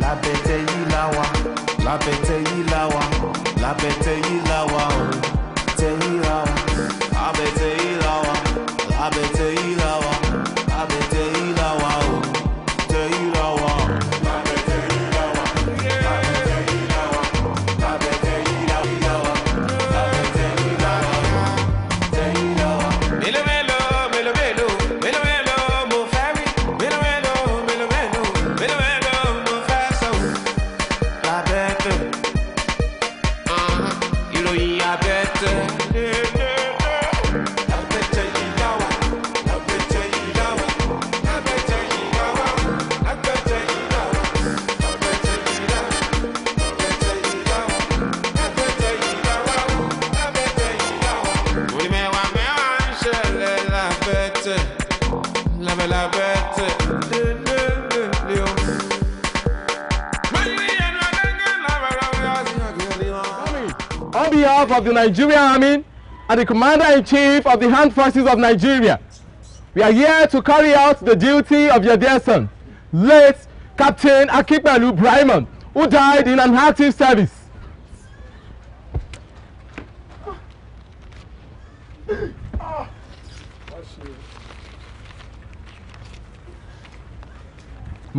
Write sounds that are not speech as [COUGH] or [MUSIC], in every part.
La bete láwa la yìí láwa lábẹ́tẹ̀ yìí láwa o tẹ̀ yìí láwa lábẹ́tẹ̀ yìí láwa lábẹ́tẹ̀ yìí láwa. behalf of the Nigerian Army and the Commander-in-Chief of the Armed Forces of Nigeria. We are here to carry out the duty of your dear son, late Captain Akipelu Brahman, who died in an active service.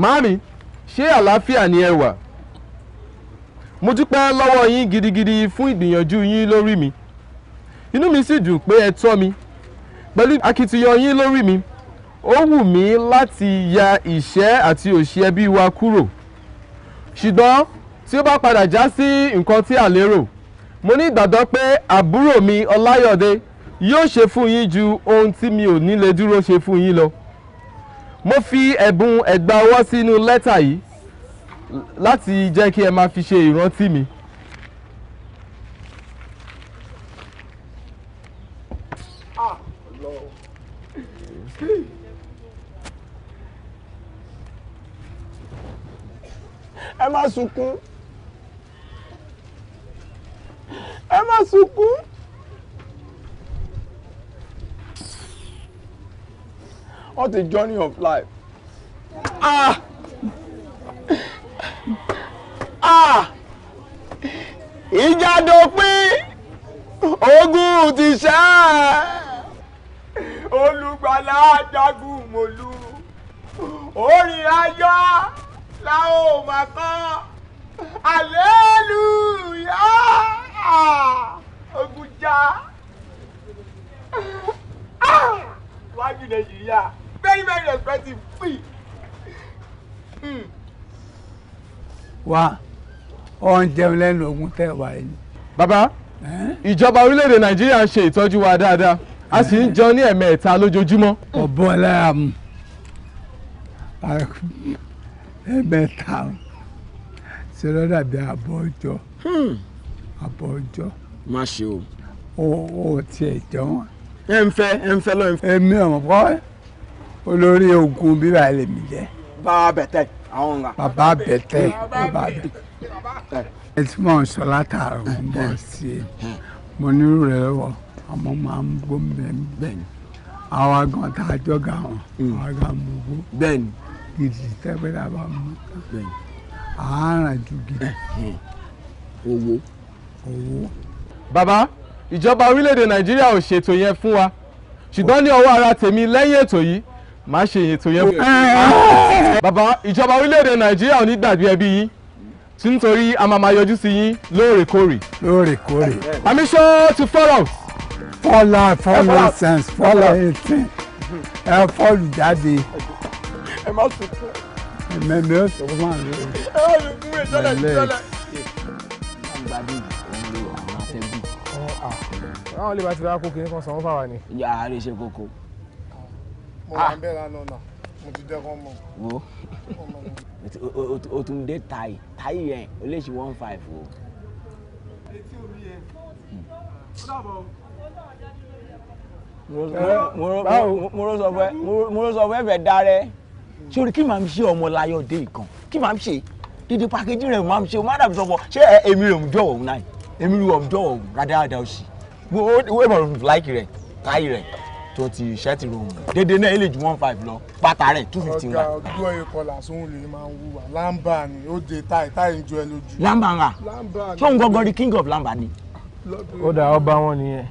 Mami, ṣé àlàáfíà ni ẹ wà? mo dúpẹ́ lọ́wọ́ yín gidigidi fún ìgbìyànjú yín lórí mi inú mi sì dùn pé ẹ tọ́ mi pẹ̀lú akitiyan yín lórí mi ó wù mí láti ya ìṣẹ́ àti òṣì ẹbí wa kúrò ṣùgbọ́n tí ó bá padà já sí nǹkan tí a lérò mo ní ìgbàgbọ́ pé àbúrò mi ọláyọ̀dé yóò ṣe fún yín ju ohun tí mi ò ní lè dúró ṣe fún yín lọ mo fi ẹ̀bùn ẹ̀gbà ọwọ́ sínú lẹ́tà yìí láti jẹ́ kí ẹ máa fi ṣe ìrántí mi. ẹ má sunkún ẹ má sunkún what a journey of life ah ìjà dópin ogun ti ṣẹ́ olùgbàlà jagun mòlú orin ayọ̀ la ó máa kọ́ aleluya ogun já ah, wájú nàìjíríà very very expensive, Mm wa ọ̀ ń jẹun lẹ́nu ogun tẹ́ wà yìí. bàbá ìjọba orílẹ̀-èdè nàìjíríà ń ṣe ìtọ́jú wa dáadáa a sì ń jẹun ní ẹ̀mẹ́ta lójoojúmọ́. ọ̀bọ ẹlẹ́yà mu ẹ̀mẹ́ta ṣe ló dàbí àbọ̀ ọjọ́ àbọ̀ hmm. ọjọ́. má ṣe o. o ò tiẹ̀ jẹun. ẹ ń fẹ́ ẹ ń fẹ́ lọ́ọ́. èmi ọ̀pọ̀ olórí ogun bíbá lèmi jẹ́. bá a bẹ̀ tẹ̀ bàbá àbẹ̀tẹ̀ bàbá àbẹ̀tẹ̀. ẹ tí mò ń sọ látàárọ̀ ń bọ̀ sí i mo nírú rẹ lọ́wọ́ àmọ́ máa ń bó bẹ́ẹ̀ àwa gan tá a jọ ga wọn mm. àwa gan mú bó bẹ́ẹ̀ni gidi tẹ́gbẹ́ a bá mú bẹ́ẹ̀ni àárẹ̀ ju gidi. owó owó. bàbá ìjọba orílẹ̀-èdè nàìjíríà ò ṣètò yẹn fún wa ṣùgbọ́n ní ọwọ́ ara tèmi lẹ́yìn ètò yìí má ṣe ètò yẹn. bàbá ìjọba orílẹ̀-èdè nàìjíríà ò ní gbàgbé ẹbí yín tí nítorí a máa máa yọjú sí yín lóòrèkóòrè. lóòrèkóòrè. àmì to follow. fọ́lọ̀. fọ́lá fọ́lá sense fọ́lá eighteen ẹ fọ́ọ̀lù jáde. ẹ má sunkún. mẹ́mẹ́ ó sọ fún àná. ẹ má sunkún mi sọ́lẹ̀ sọ́lẹ̀. àwọn olè bá ti rà kókè kan sanwó fáwa ni. yàrá rè ṣe kókó mo wà bẹ́ẹ̀ lánàá náà mo ti dẹ́kun mọ́. wo o tún dé tayi tayi yẹn o lè ṣe one five o. etí omi yẹn ó dàbọ̀ mo ló sọ fún ẹ mo ló sọ fún ẹ fẹ́ darẹ sórí kí màá ṣe ọmọ láyọ̀ dé ìkan kí màá ṣe dídí pàkéjì rẹ̀ máa ń ṣe má dàbí sọ́kọ ṣé èmi rẹ̀ ń dọ̀wọ̀ náà èmi rẹ̀ ń dọ̀wọ̀ rádáradá òsì wo ìwé ìmọ̀ràn láìkì rẹ̀ káyì rẹ̀ tó ti ṣẹ́ẹ̀tì rohùn dédé náà èlé ju one five lọ pátá rẹ̀ two fifty ra. ọ̀gá ọdún ẹ̀yẹ kọlà sóhun lè máa ń wúwa lámbà ni ó de táì táì ń jọ ẹ lójú. lámbà ń rà sóhun gangan ni king of lámbà ni. ó dà ọba wọn nìyẹn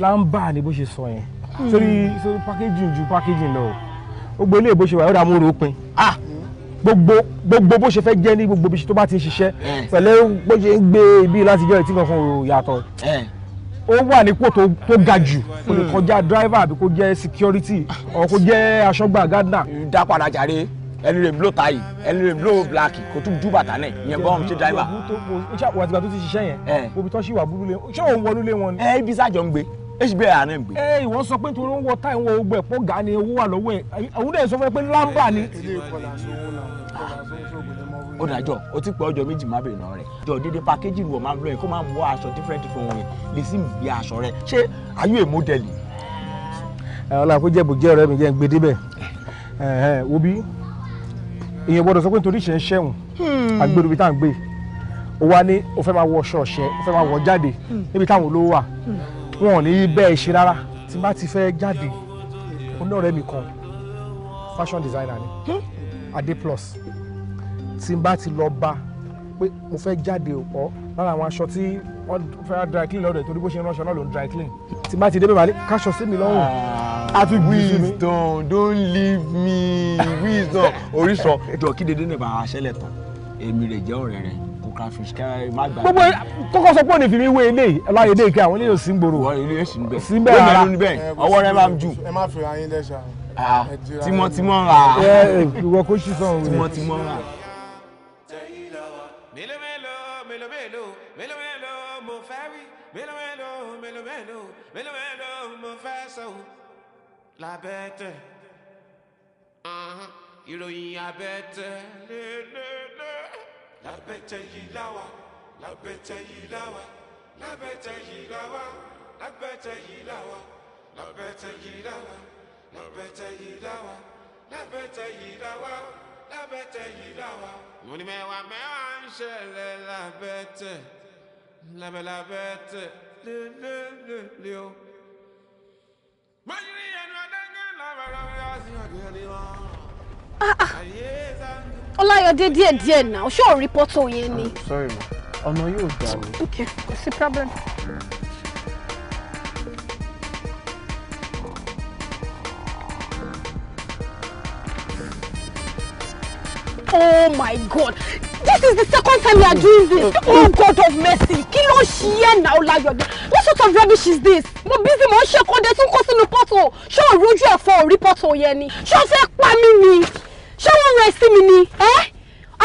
lámbà ni bó ṣe sọ yẹn sórí sórí packaging ju packaging lọ o gbogbo ilé ìbò ṣe wà ó dà mú ròpin gbogbo gbogbo bó ṣe fẹ́ jẹ́ ní gbogbo ibi tó bá ti ń ṣiṣẹ́ pẹ̀lú bó ṣe ń gbé ibi láti jẹ́ ìtí kankan ò ó wà nípò tó ga jù kò lè kọjá driver àbí kó jẹ́ security ọ̀ kó jẹ́ aṣọ́gbà gardener. dá padà jàre ẹni rẹ̀ blow tayi ẹni rẹ̀ blow black kò tún dú bàtà náà yẹn bọ́ ọ̀hún ṣe driver. wà á ti gbà tó ti ṣiṣẹ́ yẹn omi tó ṣì wà burú lé ṣé òun wọlé lé wọn ni. ẹ ibi sájọ ń gbé hba àná ń gbé. ẹ ìwọ sọ pé nítorí ó ń wọ táì ń wọ ogbẹ pọ gà ni owó wà lọ́wọ́ ẹ òun dẹ̀ ó dájọ́ ó ti pẹ́ ọjọ́ méjì má bèrè náà rẹ̀ jọ dédé pàkéjì rù ọ̀ máa ń lọ yẹn kó máa ń wọ aṣọ different fún wọn yẹn lè sí bí aṣọ rẹ ṣé ayé èmo dẹ̀lì. ọlá kó jẹ́ bòjẹ́ ọ̀rẹ́ mi jẹ́ ń gbé débẹ̀ wo bí èèyàn gbọ́dọ̀ sọ pé nítorí ìṣẹ́ ṣẹ̀wọ̀n àgbèrúbi hmm. tá à ń gbé o wá ní o fẹ́ máa wọ ọṣọ o fẹ́ máa wọ jáde hmm. níbi táwọn olówó wà hmm. wọn ò ní bẹ́ẹ̀ ṣe rárá tí bá ti fẹ́ jáde oní kan fashion designer ni Adé plus tí n bá ti lọ bá pé mo fẹ́ jáde ọ̀ lára àwọn aṣọ tí wọ́n fẹ́ dry clean lọ́dọ̀ torí bó ṣe ránṣọ náà ló ń dry clean tí n bá ti débẹ̀ wà káṣọ sí mi lọ́rùn. Ah, wisdom don't leave me wisdom orísun dọ̀kí dédé nípa àṣẹlẹ̀ tán èmi rẹ̀ jẹ́ ọ̀rẹ́ rẹ̀ kò ká fi ká má gbà. gbogbo kókó sọ pé òní fi mi wé ilé ọláyédè ike àwọn eléyìí ò sí ń gbòòrò. wọ́n ilé sí ń bẹ̀ sí ń bẹ̀ rárá eh, ọwọ́ rẹ bá ń jù. ẹ má fi ayé lẹ́sà. Ah, tímọ́tímọ́ rà. Eh, ìwọ kò ṣì sọ̀rọ̀ tímọ́tímọ́ rà. mélòó mélòó mélòó mo fẹ́ sọ o labẹ́tẹ̀ ìròyìn abẹ́tẹ̀ lélẹ́lẹ́ labẹ́tẹ̀ yìí láwa labẹ́tẹ̀ yìí láwa labẹ́tẹ̀ yìí láwa labẹ́tẹ̀ yìí láwa labẹ́tẹ̀ yìí láwa labẹ́tẹ̀ yìí láwa labẹ́tẹ̀ yìí láwa labẹ́tẹ̀ yìí láwa. mo ní mẹ́wàá mẹ́wàá ń ṣẹlẹ̀ labẹ́tẹ̀ labẹ́labẹ́tẹ̀ lélélélé ah, ah. o. mọ́júrí ẹnu adágún làbàrà rẹ̀ á sì hàn kí Ọláyọ̀dé díẹ̀ díẹ̀ náà ṣé ò rí yẹn ni. sorry ma ọ̀nà yóò dà mí. ok kò sí problem. Oh my God! This is the second time you are doing this. Mm. Oh God of mercy, kí ló ṣe yẹn náà Ọláyọ̀dé? What sort of rubbish is this? Mo busy mo ń ṣe kọ́dé tún kó sínú pọ́tò. Ṣé o rojú ẹ̀fọ́ orí pọ́tò yẹn ni? Ṣé o fẹ́ pa mí ni? Ṣé wọ́n rẹ̀ sí mi ni? Ẹ́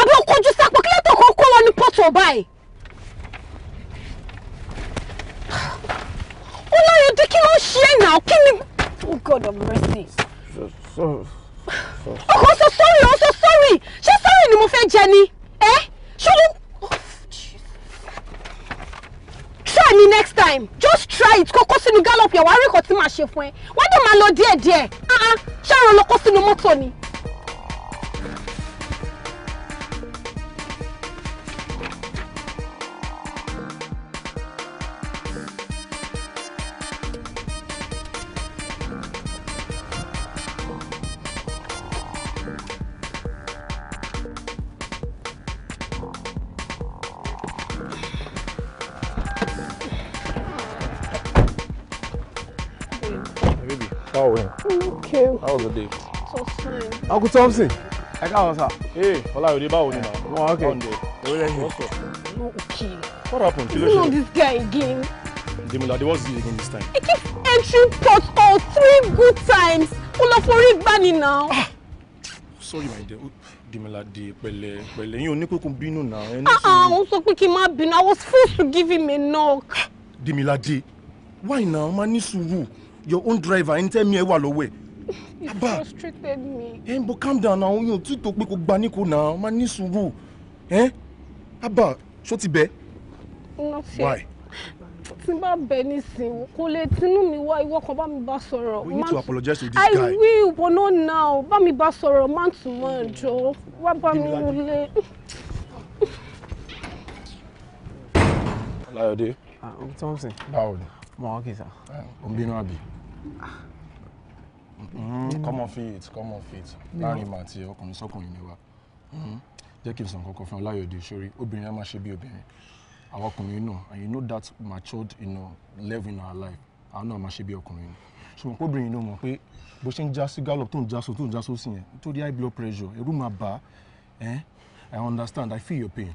àbí o kojú sápò kí lẹ́tọ̀ kan kó wọn ní pọ́tò báyìí? Ọláyọ̀dé kí ló ṣe yẹn náà? Kí ni? Oh God of mercy. Ọkọ̀ sọ sọ́ọ̀rì, ọ̀sọ̀ sọ́ọ̀rì. Ṣé sọ́ọ̀rì ni mo fẹ́ jẹ ni? Eh? Show oh, Try me next time. Just try it. Go Kókó sínú gallop yẹn wàá rí nǹkan tí màá ṣe fún ẹ. Wọ́n dẹ̀ máa lọ díẹ̀díẹ̀. Ah, ah. Ṣé àrùn lọ kó sínú mọ́tò ni? How was the day? So slow. Uncle Thompson, I káàbọ̀ answer. Hey, Ọláyọ̀dé báwo ni màá? Wọ́n ok. One day. What's up? No, okay. What happened? Kí You know this guy again. Demilade, what's he again this time? He keeps entering port pothole three good times. Olofori Bani now. Ah! Sorry, my dear. Demilade, pẹ̀lẹ́, pẹ̀lẹ́. you only ní kókó now. náà. Ah ah, mo sọ pé kí n má I was forced to give him a knock. Demilade, ah! why now? Má ní Your own driver, ẹni tẹ́ mi ẹ wà you [LAUGHS] frustrated me. ẹ eh, but calm down now You tí talk pé kò gba níko náà má eh? abba ṣó ti bẹ. why. tí n bá bẹ nísìnyí kò lè tinú mi wá we need to apologize to this I guy. i will but not now bá mi bá sọ̀rọ̀ man to man jọ wá bá mi Hello, Láyọ̀dé. ah Thompson. báwo ni. mo wá kì í sá. ò ń come off it come off it láàrin màá ti ọkùnrin sọkùnrin ni wa mm-hmm. jẹ́ kí n sàn kankan fún ọláyọ̀dé sórí obìnrin á máa ṣe bí obìnrin àwọn ọkùnrin náà and you know that matured you know, level in our life àwọn náà máa ṣe bí ọkùnrin ni ṣùgbọ́n kóbìnrin náà mọ̀ pé bó ṣe ń já sí gallop tó ń já so tó ń já so sí yẹn nítorí high blood pressure ẹ̀rù máa bà á I understand I feel your pain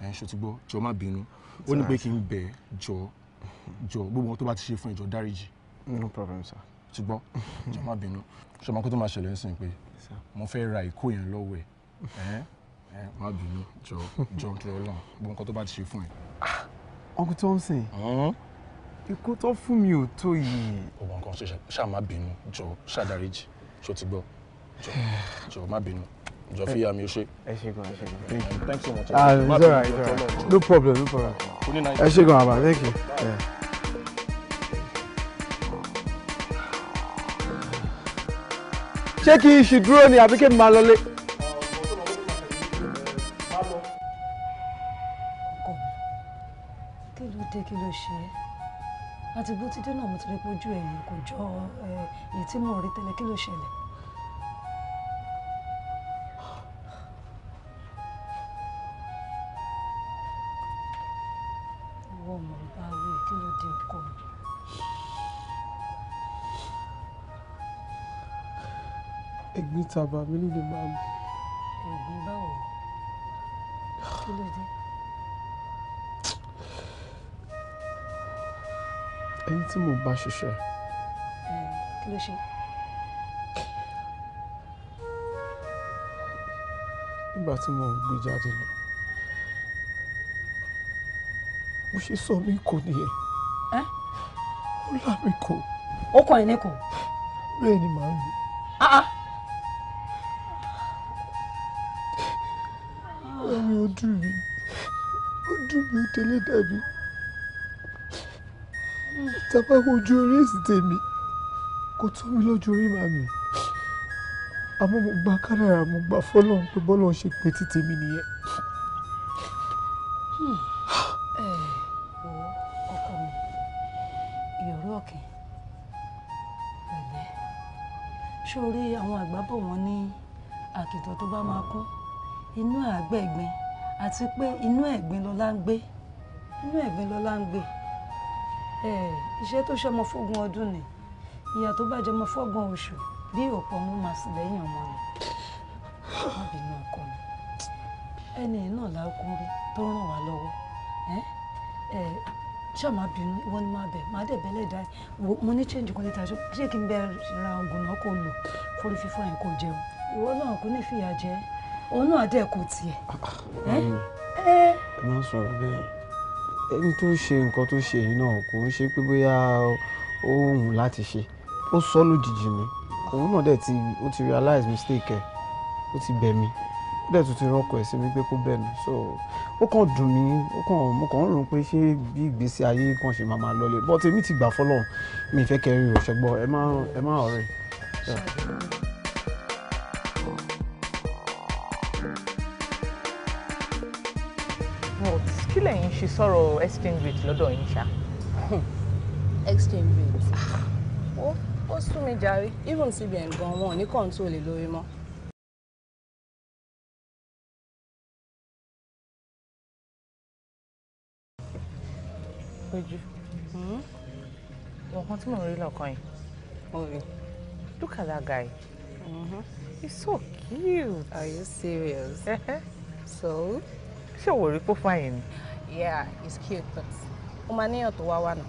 ẹ̀ ṣòtúgbọ́ jọ má bínú ó ní pé kí n bẹ̀ jọ jọ gbogbo wọn tó bá ti ṣe fún ẹ jọ dáríjì. no problem sir ṣùgbọ́n jọ [LAUGHS] má bínú ṣọmọ kó tó máa ṣẹlẹ̀ ń sìn pé mo fẹ́ ra ìkó yẹn lọ́wọ́ ẹ̀ ẹ má bínú jọ jọ tó lọ lọ́n gbogbo nǹkan tó bá ti ṣe fún ẹ. ọkùn tó ń sìn ikú tó fún mi ò tó yìí. gbogbo nǹkan ṣáà má bínú jọ ṣàdáríjì ṣó ti gbọ́ jọ má bínú jọ fíyà mi ṣe. ẹ ṣe gan ẹ ṣe gan thank you. thanks so much. ah it's alright it's alright no problem no problem. ẹ ṣe gan àbá thank you. ṣé kí n ṣì dúró ni àbí kí n máa lọlé. kí ló dé kí ló ṣe é àti bó ti dé náà mo ti rí pé ojú ẹ̀yìn kò jọ èyí tí mò rí tẹ́lẹ̀ kí ló ṣẹlẹ̀. níta bá mi nílé máa mi. ẹ̀gbìn báwo kí ló dé. ẹni tí mo bá ṣiṣẹ́. kí ló ṣe. nígbà tí mo ń gbé jáde lọ mo ṣe sọ mí kò nìyẹn ó là mí kò. ó kọ ẹ̀ ní kò. bẹ́ẹ̀ ni màá lò. Ah, ah. dùn mí ó dùn mí tẹ́lẹ̀ dàbí tàbákò ojú orí èsì tèmi kò tó mi lójú orí màmí àmọ́ mo gba kádàrà mo gba fọ́lọ́n pé bọ́lọ́n ṣe pé ti tèmi nìyẹn. ẹ wo ọkọ mi ìyọ̀rọ̀ ọ̀kìn pẹ̀lẹ́ ṣó rí àwọn àgbà bọ̀ wọ́n ní àkìtàn tó bá máa kú inú àgbẹ̀gbin àti pé inú ẹ̀gbin lọlá ń gbé inú ẹ̀gbin lọlá ń gbé iṣẹ́ tó ṣọmọ fógun ọdún ni ìyá tó bá jọmọ fọ́gbọ̀n oṣù bí òpó mú màá sì lẹ́yìn ọmọ rẹ̀ ọ̀bìnrin ọkọ mi ẹni náà lákùn rí tó ràn wá lọ́wọ́ ṣáà má bínú ìwọ ni máa bẹ̀ máa dẹ̀ bẹ́lẹ̀ dá wo mo ní change kan níta ṣé kí n bẹ ra oògùn náà kò lò forí fífọ́ yẹn kò jẹun ìwọ náà kò ní fìyà jẹ ẹ́ òun náà dẹ̀ kò tiẹ̀. ẹ má sọ̀rọ̀ bẹ́ẹ̀ ẹni tó ṣe nǹkan tó ṣe yìí náà kò ń ṣe pé bóyá ó wù láti ṣe ó sọ lójijì ni òun náà dẹ̀ ti ó ti realize mistake ẹ̀ ó ti bẹ̀ mí ó dẹ̀ tún ti rọ́kọ ẹ̀ sí mi pé kó bẹ̀ mí so ó kàn dùn mí ó kàn mo kàn ń rò pé ṣé bí ìgbésí ayé kan ṣe máa máa lọlé but èmi ti gbà fọlọ́run mi ìfẹ́ kẹrin ò ṣẹgbọ́ ẹ má ọ̀rẹ́. Yeah. ṣe sọ̀rọ̀ exchange rate lọ́dọ̀ yín ṣá. exchange rate ah, ó ó sún mi jàre even CBN gan wọn ò ní control lè lórí mọ́. ojú nǹkan hmm? tí mò ń rí lọ́kàn yìí. o look at that guy. mm he's so cute. are you serious? [LAUGHS] so. ṣé o wò rí kó ni yeah he's cute but ó máa níyàn tó wá wá nà.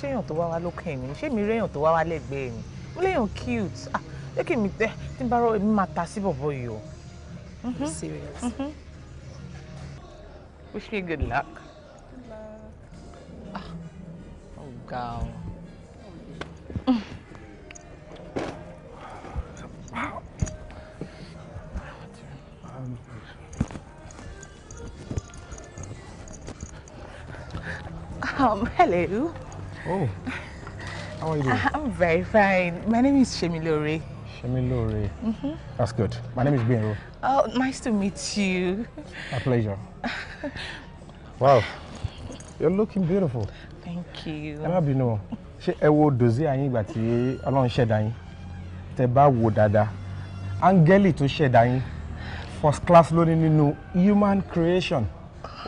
ṣéyàn tó wá wá ló kàn mí ṣé mi réyàn tó wá wá lẹ́gbẹ̀ẹ́ mi mo léyàn cute ah jẹ́ kí mi tẹ́ tí n bá rọ èmi máa ta sí bọ̀bọ̀ yìí o. Mhm. serious. Mm -hmm. wish me good luck. Good luck. Ah. oh god. Um, hello. Oh, how are you doing? I'm very fine. My name is Shemilore. Shemilore. Mm -hmm. That's good. My name is Binro. Oh, nice to meet you. A pleasure. wow, you're looking beautiful. Thank you. Ẹ má bínú, ṣé ẹ wo dòzí àyín ìgbà tí Ọlọ́run ṣẹ̀dá yín? Tẹ bá wò dáadáa, áńgẹ́lì first class lónìí nínú human creation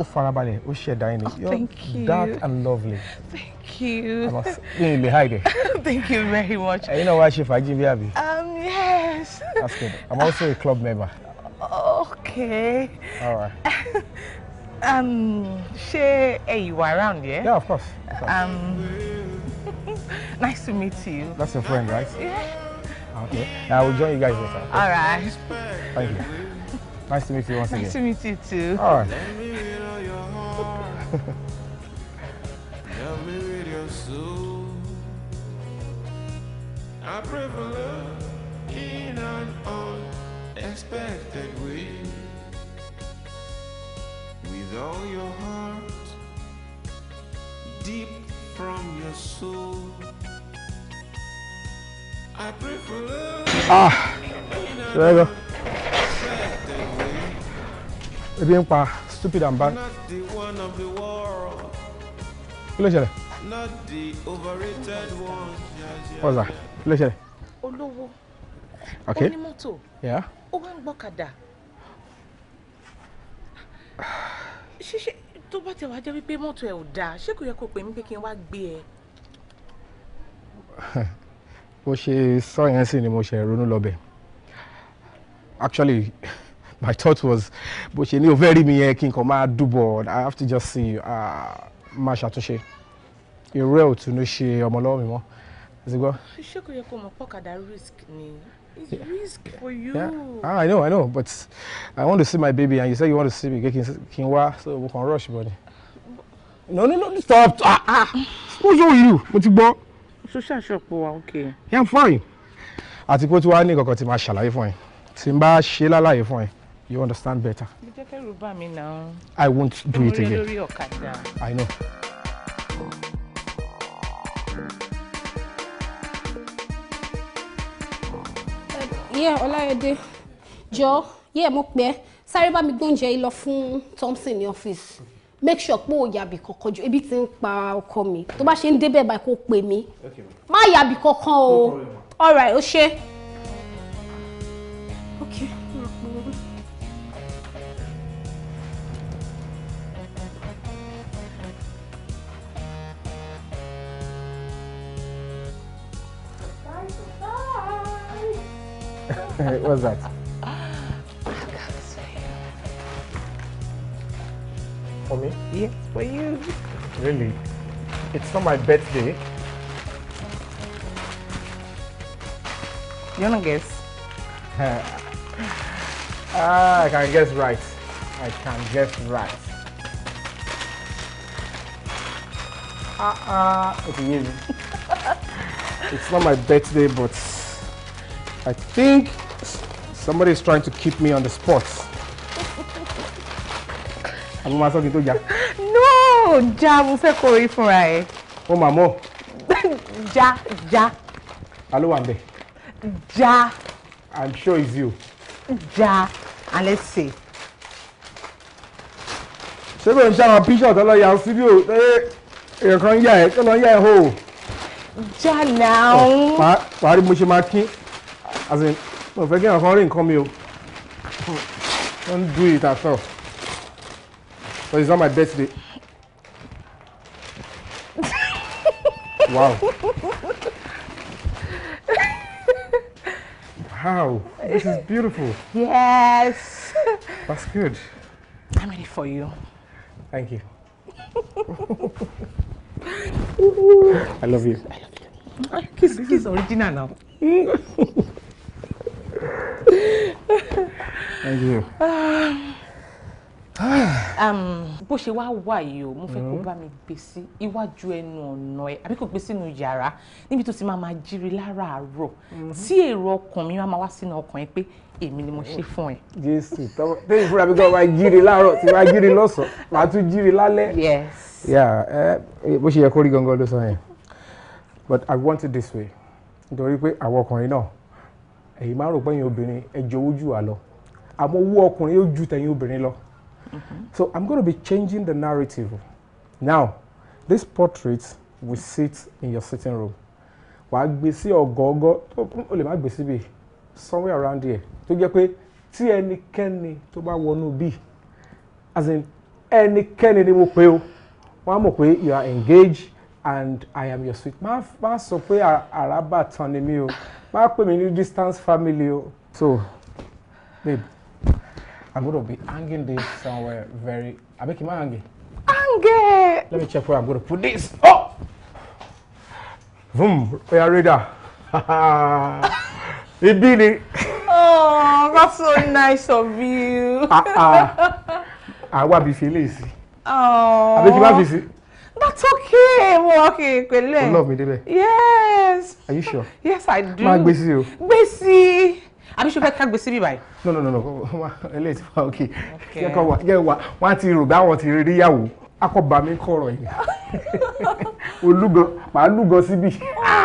ó farabalẹ̀ ó ṣẹ̀dá ẹni oh, you're dark and lovely. thank you. mi ì lè hide [LAUGHS] thank you very much. ẹ̀yin náà wá ṣe fàájì bí àbí. um yes. that's good i'm also a club member. okay. all right. [LAUGHS] um ṣé ẹ yìí wà around yẹ. Yeah? yeah of course. Um, [LAUGHS] nice to meet you. that's your friend right. Yeah. Okay. I will join you guys later. All right. Thank you. Nice to meet you once nice again. Nice to meet you too. All right. I pray for love in an unexpected way. With all your heart, deep from your soul. I pray for love. Ah, there you go. stupid and bad. kí ló ṣẹlẹ̀. what's that kí ló ṣẹlẹ̀. olówó okay onímọ́tò yeah ó wá ń gbọ́kadà ṣíṣe tó bá tẹ wá jẹ́ wípé mọ́tò ẹ̀ ò dáa ṣé kò yẹ kó pè mí pé kí n wá gbé ẹ. [LAUGHS] bó ṣe sọ yẹn sí ni mo ṣe ronú actually. [LAUGHS] my thought was bó ṣe ní o fẹ́ rí mi yẹn kí n kàn máa dúbọ̀ i have to just see you uh, máa ṣàtúnṣe irú ẹ̀ ò tún ní ṣe ọmọ lọ́wọ́ mi mọ́ ṣùgbọ́n. ṣé kò yẹ kó mọ̀ pọ́kadà risk ni. It's risk for you. Yeah. Ah, I know, I know, but I want to see my baby, and you said you want to see me. Kí n wá, so we can rush, buddy. No, no, no, stop. Ah, ah. who's wrong with you? Mo ti gbọ́. So, shop wa, okay. Yeah, I'm fine. Àti pé ó ti wá ní kankan tí màá ṣàlàyé fún ẹ. Tí n bá ṣe lálàyé fún ẹ you understand better. I won't do it again. I know. Yeah, Ọláyẹdé. Jọ̀ọ́, yeah, mo pè é. Sáré bá mi gbóúnjẹ yìí lọ fún Thompson ní ọ́fíìsì. Make sure pé o yàbí kankan jù. Ebi ti ń pa ọkọ mi. Tó bá ṣe ń débẹ̀ báyìí kó pè mí. Má yàbí kankan o. All right, ó ṣe. Okay. What was that? For me? Yeah. for you. Really? It's not my birthday. You wanna guess? ah, I can guess right. I can guess right. Ah, uh ah, -uh. it's not my birthday, but I think somebody is trying to keep me on the spot. àbúrò máa sọ kí n tó jà. no ja mo fẹ́ kó rí fúnra ẹ. ó mà mọ́. ja ja. ta wà ń ja. i'm sure it's you. ja and let's see. ṣé kò ń ṣe àwọn píṣọ̀ tó lọ yà ń síbí o èèyàn kan ń yà ẹ́ tó lọ ń yà ẹ̀ hó ja now. wàá rí mo ṣe máa kín as in mo fẹ́ kí àwọn kan rí nǹkan mi o don't do it at all but it's not my birthday wow wow this is beautiful yes that's good I'm ready for you thank you [LAUGHS] I love you I love you kiss this is original now. [LAUGHS] thank you. [SIGHS] Um, bó ṣe wá wà yìí o mo fẹ́ kó mm-hmm. bá mi gbé sí iwájú ẹnu ọ̀nà ẹ̀ àbí kó gbé sínú yàrá níbi tó ti máa máa jírí láràárọ̀ mm-hmm. tí èrò ọkàn mi máa wá sínú ọkàn ẹ pé èmi ni mo ṣe fún ẹ. jésù tọwọ tẹyìn fúnra mi gan wa jírí láàárọ̀ tí wàá jírí lọ́sàn wàá tún jírí lálẹ́. yes. Eh, bó ṣe yẹ kó rí gangan ló sọ yẹn but i want it this way nítorí pé àwọn ọkùnrin náà ẹ̀yin máa ń rò pé ẹ̀yin obìnrin ẹ jowó jù wá lọ àmọ́ owó ọkùnrin yóò ju tẹ̀yin obìnrin lọ. So I'm gonna be changing the narrative. Now, this portrait will sit in your sitting room. Wàá gbé sí ọ̀gọ́ọ̀gọ́ o lè má gbé síbi somewhere around here tó jẹ́ pé tí ẹnikẹ́ni tó bá wọnú bí as in ẹnikẹ́ni ni mo pè o wọ́n á mọ̀ pé you are engaged and I am your sweet. Má sọ pé àràbà tán ni mí o má pè mí ní distance family o so babe i'm gonna be hanging this somewhere very abeg kì í má hang it. let me check where i'm gonna put this. Oh! vroom oya radar [LAUGHS] ibi ni. oh that's so nice of you. Ah, ah. àwa bí fi lè sí. Oh. àbí kí n má fi sí that's okay mo okay pẹ̀lú ẹ. o love me débẹ̀. yes. are you sure. yes i do. máa gbèsè o. gbèsè àbí ṣe fẹ́ ká gbèsè bí báyìí. no no no no eléyìí ti fa okay. okay. jẹ́ kọ́ wa jẹ́ wa wọ́n á ti rò bí àwọn ti rí ríyàwó akọba mi kọ̀rọ̀ yìí [LAUGHS] olúgan màá lúgan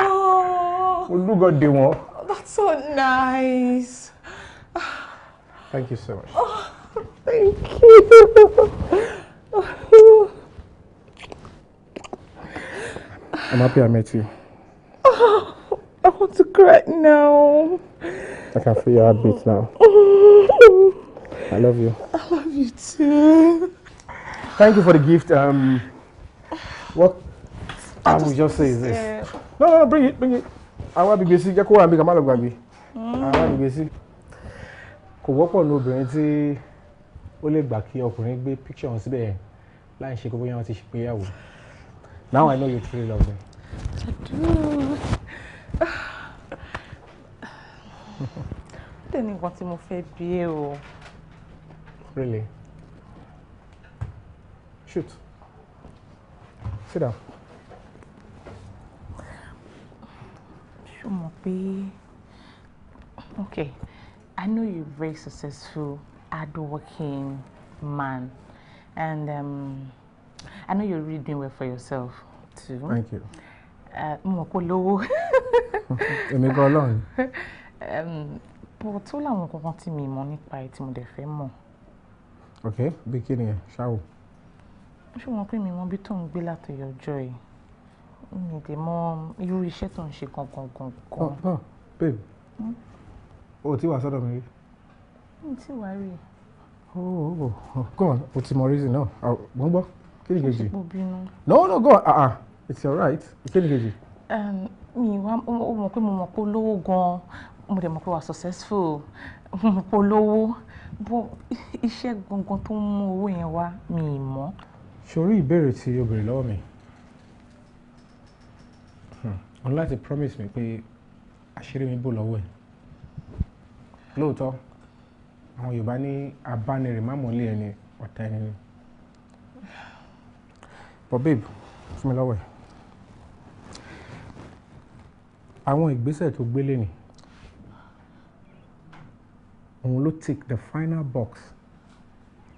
Oh. olúgan dè wọ́n. that's so nice. thank you so much. Oh, thank you. [LAUGHS] I'm happy I met you. Oh, I want to cry now. I can feel your heartbeat now. I love you. I love you too. Thank you for the gift. Um, what I, will just say is this. No, no, bring it, bring it. Àwa gbèsè jẹ́ kó wà bí ká má lọ gbàgbé. Hmm. Àwa gbèsè kò wọ́pọ̀ ní obìnrin tí ó lè gbà kí ọkùnrin gbé picture wọn síbẹ̀ láì ṣe kó bóyá wọn ti ṣe ìgbéyàwó. Now I know you truly love me. I do. Then you want him tí mo fẹ́ Really? Shoot. Sit down. Ṣo mọ̀ okay, I know you're very successful, hardworking man and um, I know you're reading well for yourself too. Thank you. Eh, mo kò lówó. [LAUGHS] Èmi gan Ọlọ́run. Bọ̀ tó láwọn kankan tí mi mọ̀ nípa ẹ̀ tí mo de fe mo. Okay, bí kí ni ẹ ṣáwò? Ṣé wọn pè mí mọ bí tó ń gbé látọ̀yọ̀ ọjọ́ yìí? Mi ò mọ irú iṣẹ́ tó ń ṣe gangan gangan. Bọ̀ ah, ah, babe, hmm? o ti wà sọ́dọ̀ mi rí? Mi ti wà rí. Oh, oh, oh, come on, o ti mọ reason náà, ah, mo ń gbọ́ kíni kejì no no go ah ah it's alright kíni kejì. mi wá ó mọ̀ pé mo mọ̀ pé olówó gan-an mo dẹ̀ mọ̀ pé wà successful mo mọ̀ pé olówó bó iṣẹ́ gangan tó ń mú owó yẹn wá mi ì mọ̀. sórí ìbéèrè tí o béèrè lọ́wọ́ mi hmm. o láti promise mi pé àṣírí mi bò lọ́wọ́ ẹ̀ lóòótọ́ àwọn Yorùbá ní abánirìn má mọ̀lé ẹni ọ̀tá ẹni ni but babe fún mi lọ́wọ́ ẹ̀ àwọn ìgbésẹ̀ tó gbélé ni òun ló tick the final box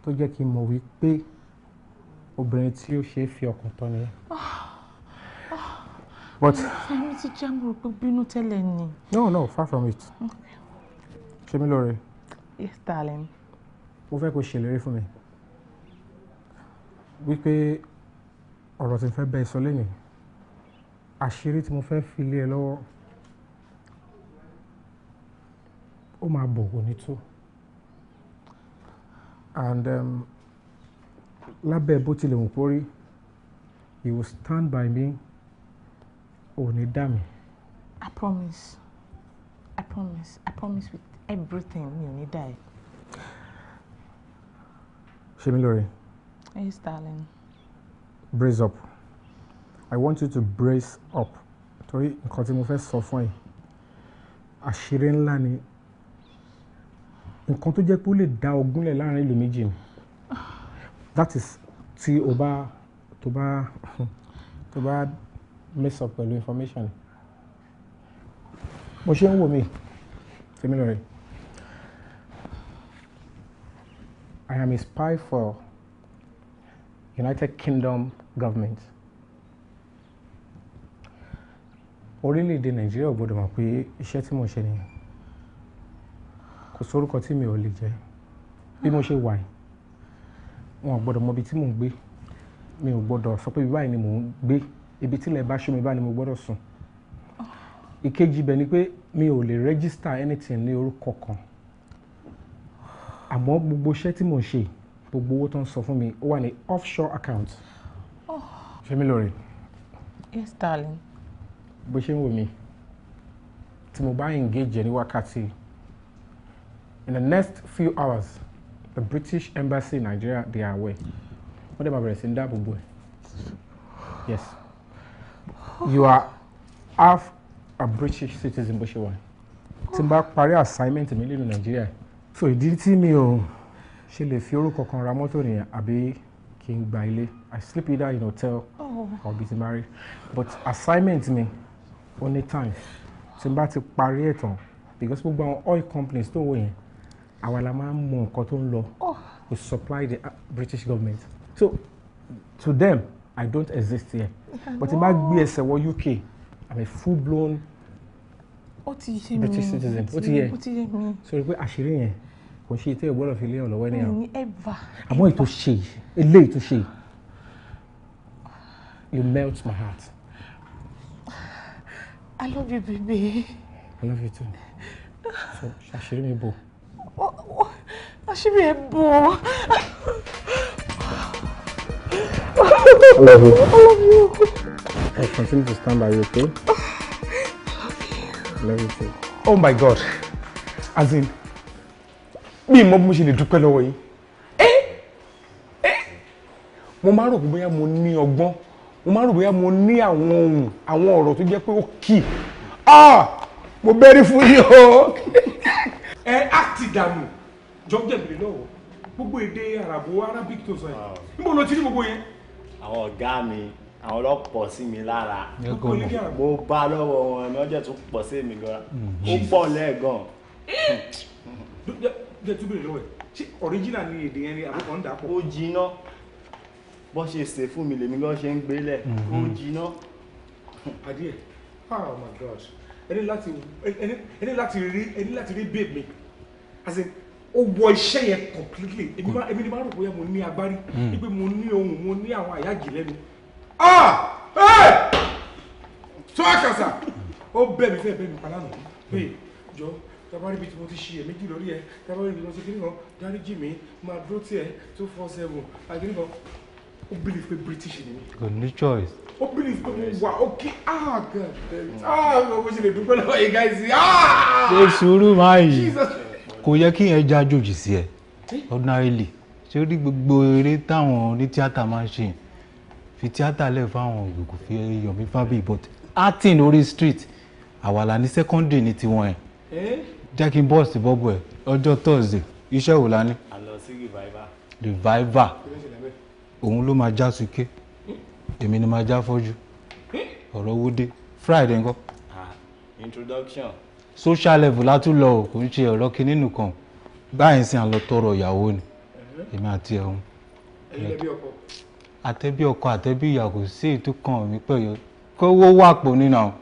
tó jẹ́ kí n mọ̀ wípé obìnrin tí ó ṣe é fi ọkàn tán ni. but fẹ́mi ti jẹ́ mo rò pé bínú tẹ́lẹ̀ ni. no no far from it ṣe mí lóore. yes darling. mo fẹ́ kó ṣèlérí fún mi wípé ọ̀rọ̀ tí mo fẹ́ bẹ́ẹ̀ sọ lẹ́yìn àṣírí tí mo fẹ́ fi lé ẹ lọ́wọ́ ó máa bò wò ní tó and um, lábẹ́ bó tilẹ̀ wù kó rí you will stand by me ò ní dá mi. I promise I promise I promise with everything mi ò ní dá ẹ. ṣe mi lóore. yes darling brace up i want you to brace up torí nǹkan tí mo fẹ́ sọ fún ẹ àṣírí ńlá ni nǹkan tó jẹ́ pé ó lè dá ogúnlẹ̀ láàrin ìlú méjì ni that is tí o bá tó bá tó bá mess up pẹ̀lú information mo ṣe ń wò mí tèmi lọ rẹ i am a spy for. United Kingdom government orílẹ̀-èdè Nàìjíríà ò gbọ́dọ̀ mọ̀ pé iṣẹ́ tí mo ṣe nìyẹn kò sórúkọ tí mi ò lè jẹ́ bí mo ṣe wà yìí wọn ò gbọ́dọ̀ mọ ibi tí mò ń gbé mi ò gbọ́dọ̀ sọ pé báyìí ni mò ń gbé ibi tílẹ̀ bá ṣú báyìí ni mo gbọ́dọ̀ sùn ìkejì ibẹ̀ ni pé mi ò lè register anything ní orúkọ kan àmọ́ gbogbo iṣẹ́ tí mò ṣe yìí gbogbo owó tó ń sọ fún mi ó wà ní offshore account. Oh. Fẹ́mi Lóore. yes darling. bó ṣe ń wò mí tí mo bá engage ẹ ní wákàtí in the next few hours the British Embassy in Nigeria they are aware wọ́n dẹ̀ máa bẹ̀rẹ̀ sí ń dáàbò bò ẹ̀ yes you are half a British citizen bó ṣe wà tí n bá parí assignment mi nínú Nàìjíríà so ìdí tí mi ò ṣe lè fi orúkọ kan ra mọ́tò nìyẹn àbí kí n gba ilé i sleep either in hotel oh. or busy married but assignment mi only ní time tí n bá ti parí ẹ̀ tán because gbogbo àwọn oil companies tó wọ yẹn àwa la máa ń mọ nǹkan tó ń lọ oh. we supply the ah, British government so to them i don't exist here but n bá gbé ẹsẹ̀ wọ UK i'm a full blown British citizen ó ti yẹ sọ pé àṣírí yẹn kò ṣe tí o gbọ́dọ̀ fi léyàn lọ́wọ́ ẹni àrùn àmọ́ ètò ṣe eléyìí tó ṣe you melt my heart. I love you baby. I love you too. so ṣàṣírí mi bò. àṣírí ẹ bò. I love you. I love you. I continue to stand by you, okay? I love you. I love you too. Oh my God. As in mi mọ bí mo ṣe lè dúpẹ́ lọ́wọ́ yín mo máa rò pé bóyá mo ní ọgbọ́n mo máa rò bóyá mo ní àwọn ohun àwọn ọ̀rọ̀ tó jẹ́ pé ó kì í mo bẹ́rí fún yín o. ẹ á ti dànù jọ́jẹ̀bìrì náà wọ̀ gbogbo èdè àràbò arabic tó sọ yìí níbo ló ti rí gbogbo yẹn. àwọn ọ̀gá mi àwọn ọlọ́pọ̀ sí mi lára mo bá lọ́wọ́ wọn ní ọjọ́ tó pọ̀ sí mi gan-an ó mm-hmm. pọ̀ lẹ́ẹ̀gan. Eh! [LAUGHS] jẹ́ túbìrì lọ́wọ́ ẹ̀ ṣé original ni èdè yẹn ni àbúkọ̀ ń dàpọ̀. ó jiná bó ṣe ṣe fún mi lèmi gan ṣe ń gbélẹ̀ ó mhm. jiná. adìẹ ah, oh my god ẹni láti ẹni láti rí ẹni láti rí babe mi as in ó wọ iṣẹ́ yẹn completely èmi ni máa rò bóyá mo ní agbárí mm. wípé mo ní ohun mo ní àwọn àyájì lẹ́nu ah tó àkàsà ó bẹ̀ mí fẹ́ bẹ̀ mí pa lánàá bẹ́ẹ̀ jọ tàbá níbi tí mo ti ṣe èmi jù lórí ẹ tàbá níbi tí mo ti kí nìkan dáríjì mi máa dúró tiẹ two four seven àgbẹ̀nìkan ó bìlì pé british ni mi. kò ní choice. ó bìlì pé mo wà ókè ah god ah mo dúpẹ́ lọ́wọ́ yìí guys ah! ṣe sùúrù máa kò yẹ kí yẹn já jòjì sí ẹ ordinarily ṣé ó rí gbogbo eré táwọn ní tíátà máa ń ṣe fi tíátà lẹ̀ fáwọn ògùnkùn fi Yomi Fabiyi but acting orí street àwàlà ní secondary ní tiwọn ẹ. Eh? jẹ́ kí n bọ́ọ̀sì bọ́ọ̀bù ẹ̀ ọjọ́ thursday iṣẹ́ wò la ní. a lọ sí revival. revival òun ló máa já suké èmi ni máa já fọ́jú ọ̀rọ̀ owó dé friday ńkọ́. introduction. social level látún lọ kò ń ṣe ọ̀rọ̀ kinní nìkan báyìí sì à ń lọ tọrọ ìyàwó ni èmi àti ẹ̀hún. ẹ̀yin lẹ́bí ọkọ. àtẹ́bí ọkọ àtẹ́bí ìyàwó sí ètò kan mi pẹ̀lú kówó wà pọ̀ nínú àwọn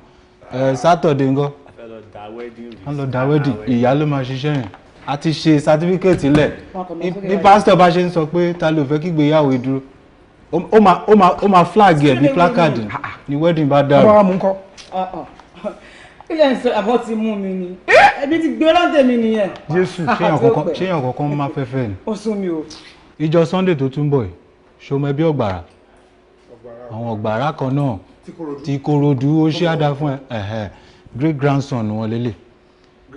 sátọ̀dé ńkọ́ wedding ring. wọ́n lọ da wedding ìyá ló máa ṣiṣẹ́ yẹn a ti ṣe sátífíkẹ́ẹ̀tì lẹ̀ bí pásítọ̀ bá ṣe ń sọ pé ta ló fẹ́ kí ìgbéyàwó ìdúró ó máa ó máa ó máa flag ẹ̀ bí placard ni wedding bá dàrú. ọmọ amúkọ uh-uh. [LAUGHS] ilé ìsọ àbọ̀ ti mú mi ni ẹbí eh? ti gbé lọ́dẹ̀ mi nìyẹn. jésù [LAUGHS] ṣéyàn kọ̀ọ̀kan máa fẹ́fẹ́ ni. ó sún mi o. ìjọ sunday tó tún bọ̀ yìí ṣọmọ ẹbí ọ̀gbàrà àwọn ọ̀gbàrà kan náà ti korodu ó ṣe àdá fún ẹ great grandson ni wọ́n lélẹ̀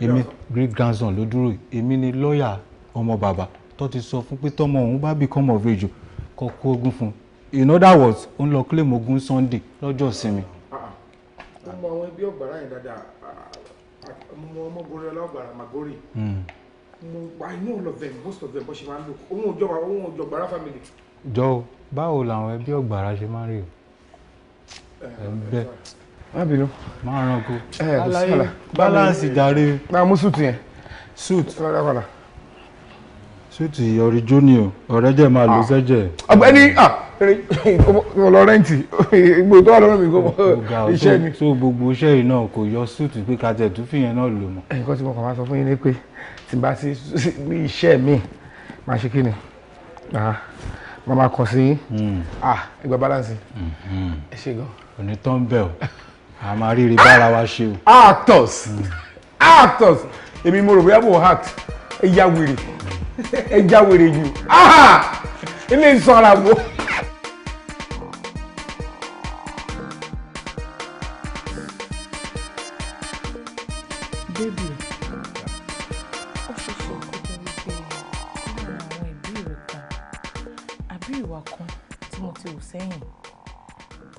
èmi great grandson ló dúró èmi ni lọ́ọ̀yà ọmọ bàbá tó ti sọ fún pé tọ́mọ òun bá become of age kó kó ogún fún un in other words ó ń lọ claim ogún Sunday lọ́jọ́ ìsinmi. Ah, ah. ọmọ àwọn ẹbí ọgbàrá yẹn dáadáa ah, ọmọ ọmọgòrè ọlọgbàrá magori hmm. mo i know all of them most of them bó ṣe máa ń lò òun ò jọba òun ò jọgbàrá family. jọ báwo làwọn ẹbí ọgbàrá ṣe máa ń rí o. Eh, ẹ ń bẹ́ẹ̀ má bínú. má ràn kó. ẹ kò sí ọ̀la balance jàre. máa mú suit yẹn. suit. rárá padà. suit ọ̀rí junior ọ̀rẹ́ jẹ́ máa lo ah. sẹ́jẹ̀. ọgbẹ́ ni ah, lọ rẹ́ǹtì gbogbo tó wà lọ́rọ̀ mi gbogbo iṣẹ́ mi. so gbogbo iṣẹ́ yìí náà kò yọ suit pé ká tẹ̀ tún fìyẹn náà lò mọ́. nǹkan tí mo kàn máa sọ fún yín ni pé tí bá ti rí iṣẹ́ mi máa ṣe kí ni màmá kàn sí yín hmm. ah, ìgbà balance hmm. ẹ ṣe gan. onítọ̀ ń bẹ̀ o a máa bára wa ṣe o. actors actors èmi mo rò bóyá mo act ẹja wèrè ẹja wèrè jù ilé ìsanra wo.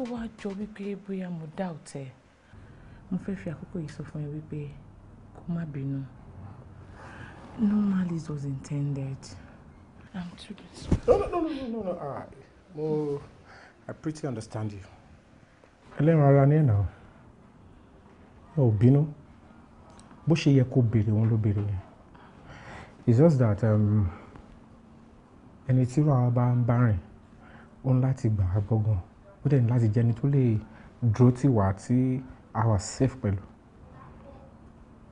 tó wá jọ wípé bóyá mo doubt ẹ mo fẹ́ fi àkókò yìí sọ fún ẹ wípé kó má bínú no malice was intended i'm too busy. no no no no no I, ah, mo i pretty understand you. ẹlẹ́ran ara ní ẹ̀nà ò bínú bó ṣe yẹ kó béèrè òun ló béèrè yẹn it's just that um, ẹni tí wàá bá ń bá rìn ó ń láti gbà á gbọ́gàn ó dẹ̀ ní láti jẹ́ ẹni tó lè dúró tì wá tí a wà safe pẹ̀lú.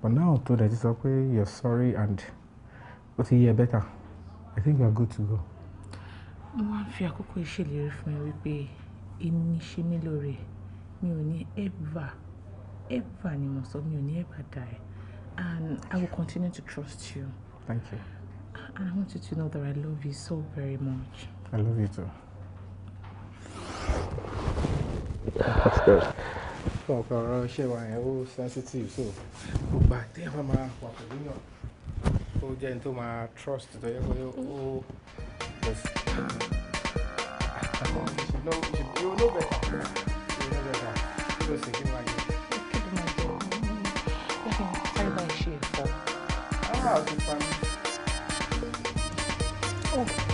But now tó dẹ̀ ti sọ pé you're sorry and ó ti yẹ better, I think you are good to go. Mo máa ń fi àkókò ìṣèlérí fún ẹ wípé èmi ní ṣe mí lóore, mi ò ní ever, ever ni mo sọ, mi ò ní ever die and I will continue to trust you. Thank you. And I want you to know that I love you so very much. I love you too. That's good. ọ̀pọ̀ ọ̀rọ̀ ṣe wà yẹn ó sensitive so gbogbo àti my máa wà pẹ̀lú you ó jẹ́ ní tó máa trust tó yẹ kó ó yes. you know better you know better ló sì kí máa yẹ. Ah, oh.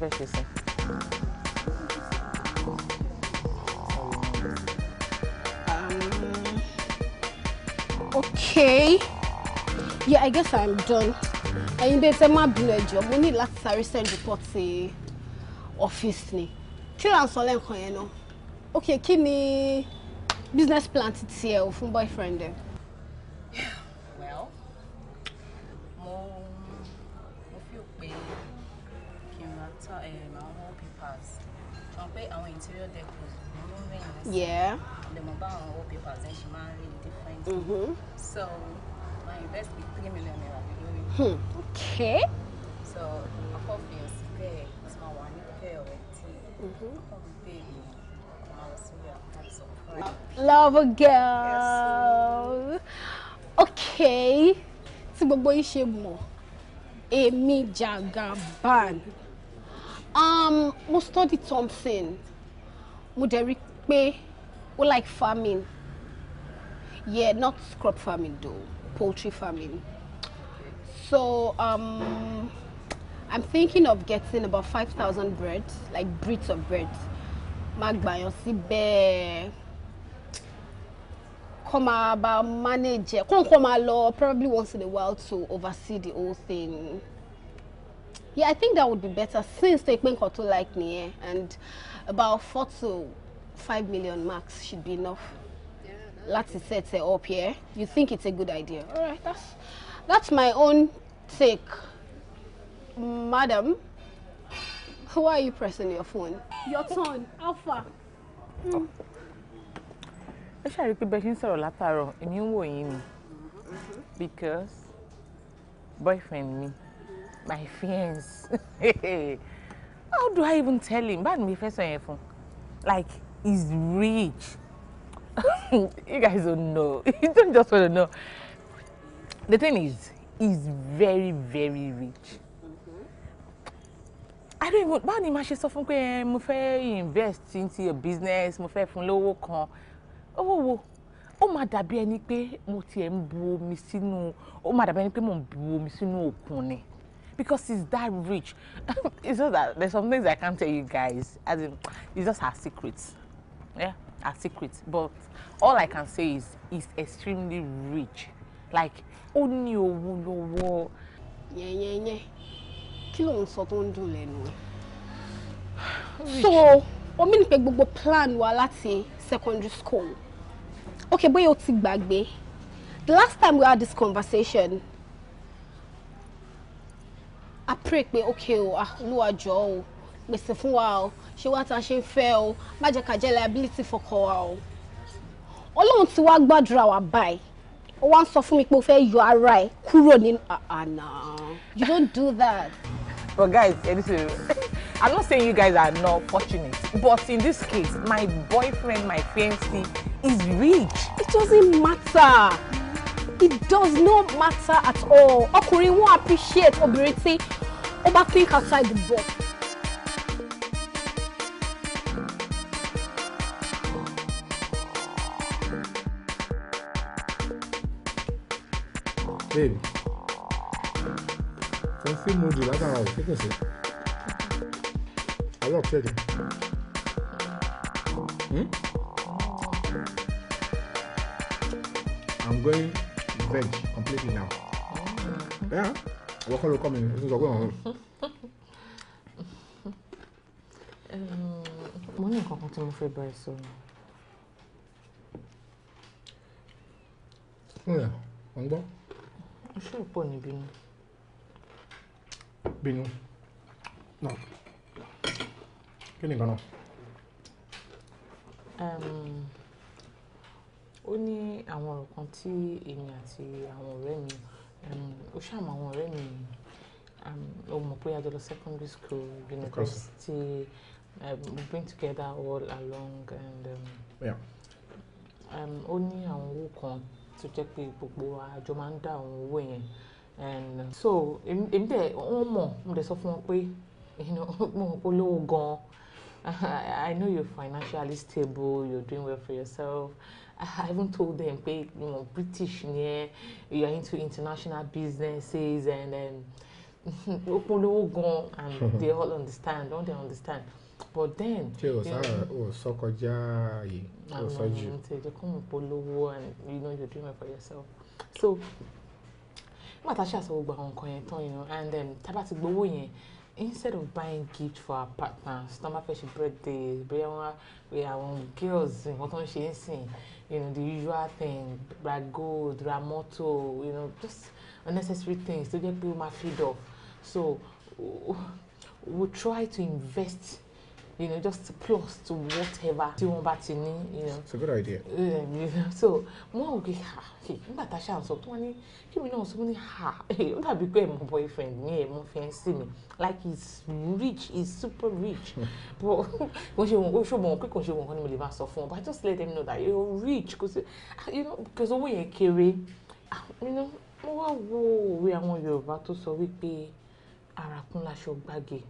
fẹ́ ṣe sí. okay yeah i guess i'm done ẹyin bẹẹ tẹ má bínú ẹjọ mo ní láti sáré send report sí office ni kí ló ń sọ lẹ́ǹkan yẹn náà okay kí ni business plan ti tiẹ̀ o fún boyfriend ẹ̀. Mm-hmm. love a girl okay tí gbogbo yìí ṣe mọ̀ èmi Jagaban um, mo study Thompson mo dẹ̀ rí pé ó like farming yeah not crop farming though poultry farming so um, I'm thinking of getting about five thousand breads, like breeds of breads. Má gbàyàn síbẹ̀ kọ́ máa bá manager come come máa probably once in a while to oversee the whole thing. Yeah, I think that would be better since they pay nǹkan tó like nìyẹn and about four to five million marks should be enough. Yeah, láti set it up here. Yeah? You think it's a good idea? All right, that's that's my own take. Madam, who are you pressing your phone? Your turn, Alpha. Hmm. Ẹ ṣàrí pé bẹ́ẹ̀ ṣe ń sọ̀rọ̀ látàárọ̀, èmi ń Because boyfriend me, my fiance, [LAUGHS] how do I even tell him? But me first on sọ phone, Like, he's rich. [LAUGHS] You guys don't know. [LAUGHS] You don't just want to know. The thing is, he's very, very rich. I don't even báwo ni màá ṣe sọ fún pé mo fẹ́ invest into a business mo fẹ́ fún lówó kan owó wo ó máa dàbí ẹni pé mo tiẹ̀ ń bu omi sínú ó máa dàbí ẹni pé mo ń bu omi sínú òkun ni because he's that rich [LAUGHS] it's just that there's some things I can't tell you guys as in it's just our secret yeah our secret but all I can say is he's extremely rich like ó ní owó lọ́wọ́. yẹ́nyẹ́nyẹ́. Yeah, yeah, yeah kí ló ń sọ tó ń dùn lẹ́nu so omi ni pé gbogbo plan wa láti secondary school ok bóyá o ti gbàgbé the last time we had this conversation I pray pé ok o ah, Olúwa jọ̀ọ́ o pèsè fún wa o ṣé wá ta ṣe ń fẹ́ o má jẹ́ ká jẹ́ liability fọkọ wa o Ọlọ́run ti wá gbàdúrà wa báyìí ó wá ń sọ fún mi pé ó fẹ́ yọ ara ẹ̀ kúrò nínú àná ah, ah, you don't do that but guys editor eh, [LAUGHS] i'm not saying you guys are not fortunate but in this case my boyfriend my fiancé is rich it doesn't matter it does not matter at all ọkùnrin won't appreciate obìnrin tí ó bá think outside the box. babe kò sí mojú látara rẹ̀ kékè sí alọ́ kẹ́jọ. Hmm? I'm going veg completely now. Yeah, wọ́n kọ́ ló kọ́ mi ní sísọ pé òun. mo ní nǹkan kan tí mo fẹ́ bá ẹ sọ. fúnra ọ̀ ń gbọ́. iṣẹ́ ìpò níbí ni. Bini bínú no kí ni nǹkan náà. ó ní àwọn ọ̀rọ̀ kan tí èmi àti àwọn ọ̀rẹ́ mi ó ṣàmù àwọn ọ̀rẹ́ mi ó mọ̀ pé a secondary school university um, we've been together all along and ó ní àwọn owó kan tó jẹ́ pé gbogbo àjọ máa ń dá àwọn owó yẹn. Uh, so èmi dẹ̀ wọ́n mọ̀ mo dẹ̀ sọ fún wọn pé [LAUGHS] mo mọ̀ pé gan-an [LAUGHS] I know you're financially stable you're doing well for yourself [LAUGHS] I even told them pé you know, British ni ẹ you are into international businesses and um, ó pọ́n lówó gan and they all understand don't they understand but then. ṣé o sá o sọ kọjá yìí o sọ jù. àwọn ọmọ mi ti jẹ kó mo polówó and you know you're doing well for yourself so nígbà tá a ṣàṣọ gbogbo àwọn nǹkan yẹn tán yẹn and then, tá bá ti gbowó yẹn instead of buying gift for our partners tá a bá fẹ́ ṣe birthday bóyá wọn pe àwọn girls nǹkan tó ń ṣe é sìn you know the usual thing ra gold ra mọ́tò you know just unnecessary things tó jẹ́ pé ó máa feed off so we we'll try to invest you know just plus to whatever tí wọ́n bá ti ní you know. it's a good idea. Um, you know, so mo wọ́n gbé ha nígbà tá a ṣe àǹsọ̀ tó wọ́n ní kí mi náà sọ ní ha ó dàbí pé ẹ̀ mọ boyfriend mi ẹ̀ mọ fiancé mi like he's rich he's super rich hmm. [LAUGHS] but kò ṣe wọn kò ṣe wọn pé kò ṣe wọn kan ni mo lè máa sọ fún wọn but I just let them know that you're rich kò sí ah, you know because owó yẹn kéré ah, you know mo wá wo òwe àwọn Yorùbá tó sọ wípé àràkún láṣọ gbági.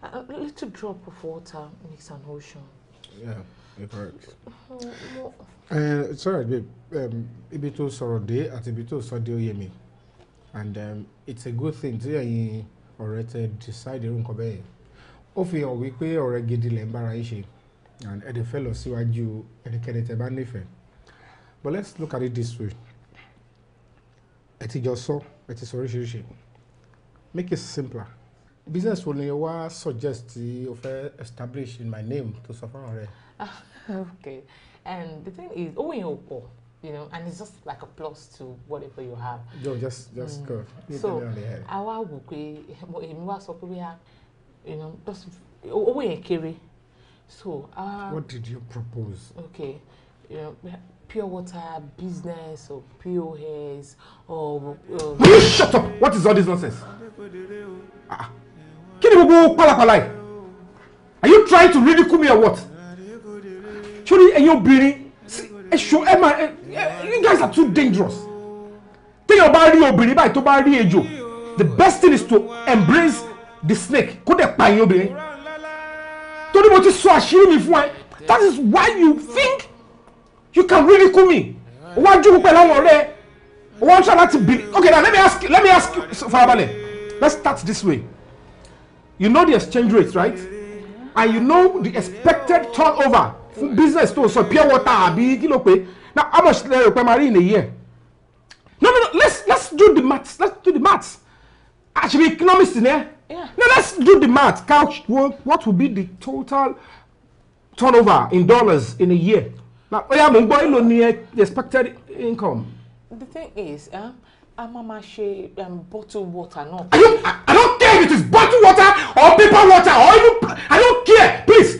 A little drop of water makes an ocean. Yeah, it works. Uh, sorry, babe. Um, ibi tó sọ̀rọ̀ dé àti ibi tó sọ dé ó And um, it's a good thing tí ẹ̀yin ọ̀rẹ́ tẹ decide irú nǹkan bẹ́ẹ̀. Ó fi hàn wípé ọ̀rẹ́ gidi lẹ̀ ń bára yín ṣe. And ẹ̀dẹ̀ fẹ́ lọ síwájú ẹnikẹ́ni tẹ But let's look at it this way. it is jọ sọ, ẹ ti sọ oríṣiríṣi. Make it simpler business wo ni wá suggest tí o fẹ́ establish in my name to sọ fún ọ̀rẹ́. Ah, [LAUGHS] okay and the thing is owó yẹn ò pọ̀ you know and it's just like a plus to whatever you have. yo just just mm. go so àwa wò pé [LAUGHS] èmi wá sọ we bóyá you know just owó yẹn kéré so. Uh, what did you propose. okay you know pure water business or POS or. Uh, you shut up? What is all this nonsense? Ah kí ni gbogbo pálapàla yìí are you trying to ridicule me or what sori ẹ̀yin obìnrin ẹ ṣo ẹ ma you guys are too dangerous téèyàn bá rí obìnrin báyìí tó bá rí ejò the best thing is to embrace the snake kó dẹ̀ pa ẹ̀yin obìnrin torí mo ti sọ àṣírí mi fún ẹ that is why you think you can ridicule me wá jókòó pẹ̀lú àwọn ọ̀rẹ́ wọ́n ń ṣe láti bìrì okay now let me ask you let me ask you farabalẹ̀ let's start this way you know the exchange rate right and you know the expected turnover for business to sọ pure water àbí kí ló now how much lè you pay máa in a year no no no let's let's do the math let's do the math actually ah, economist in here yeah. Now let's do the math couch what, what will be the total turnover in dollars in a year now oya mo ń gbọ́ èlò ni expected income. the thing is. Uh, a máa ma ṣe um, bottle water náà. I don't I, I don't care if it is bottle water or paper water or even I don't care please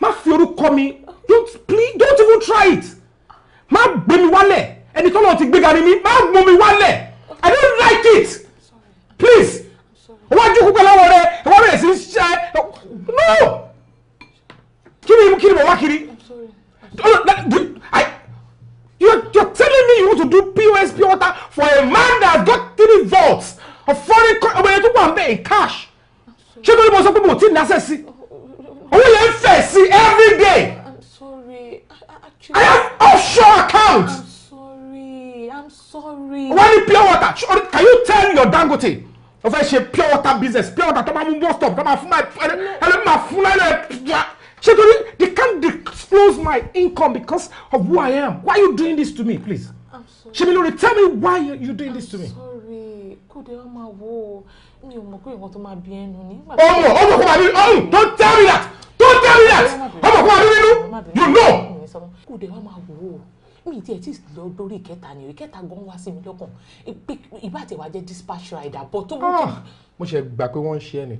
má fi orúkọ mi don't please don't even try it má gbé mi wálẹ̀ ẹni tó lọ́ọ́ ti gbéga ni mi má mú mi wálẹ̀ I don't like it please wájú kúkẹ́ lọ́wọ́ rẹ ìwọ bẹ̀rẹ̀ sí ṣe no kí ni kí ni mo wá kiri. I'm sorry. Oh, I'm sorry. You're, you're telling me you want to do POS water for a man that got three votes? of foreign currency ọmọ yẹn tó wà ń in cash ṣé tó ní mo sọ pé mo ti ní access sí owó yẹn fẹ̀ sí every day I'm sorry. I have offshore account. I'm sorry. I'm sorry. wọ́n ní pure water can you tell your Dangote o fẹ́ ṣe pure water business pure water tó máa mú bus stop tó máa fún máa fún ẹ ẹ ló máa fún ẹ lẹ́ẹ̀ ṣé torí they can't disclose my income because of who I am why are you doing this to me please I'm ṣèmi lórí tell me why you're you doing I'm this to me. sorry kò dé ọmọ wo mi ò mọ̀ pé nǹkan Oh máa don't tell me that don't tell me that Oh kò máa bí you know. Kude dé ọmọ wo mi ti ẹ ti lọ lórí ìkẹta ni ìkẹta gan wá sí mi lọ́kàn ìbá tẹwàá jẹ dispatch rider But tó mú. Ah, mo ṣe gbà pé wọ́n ń ṣe ni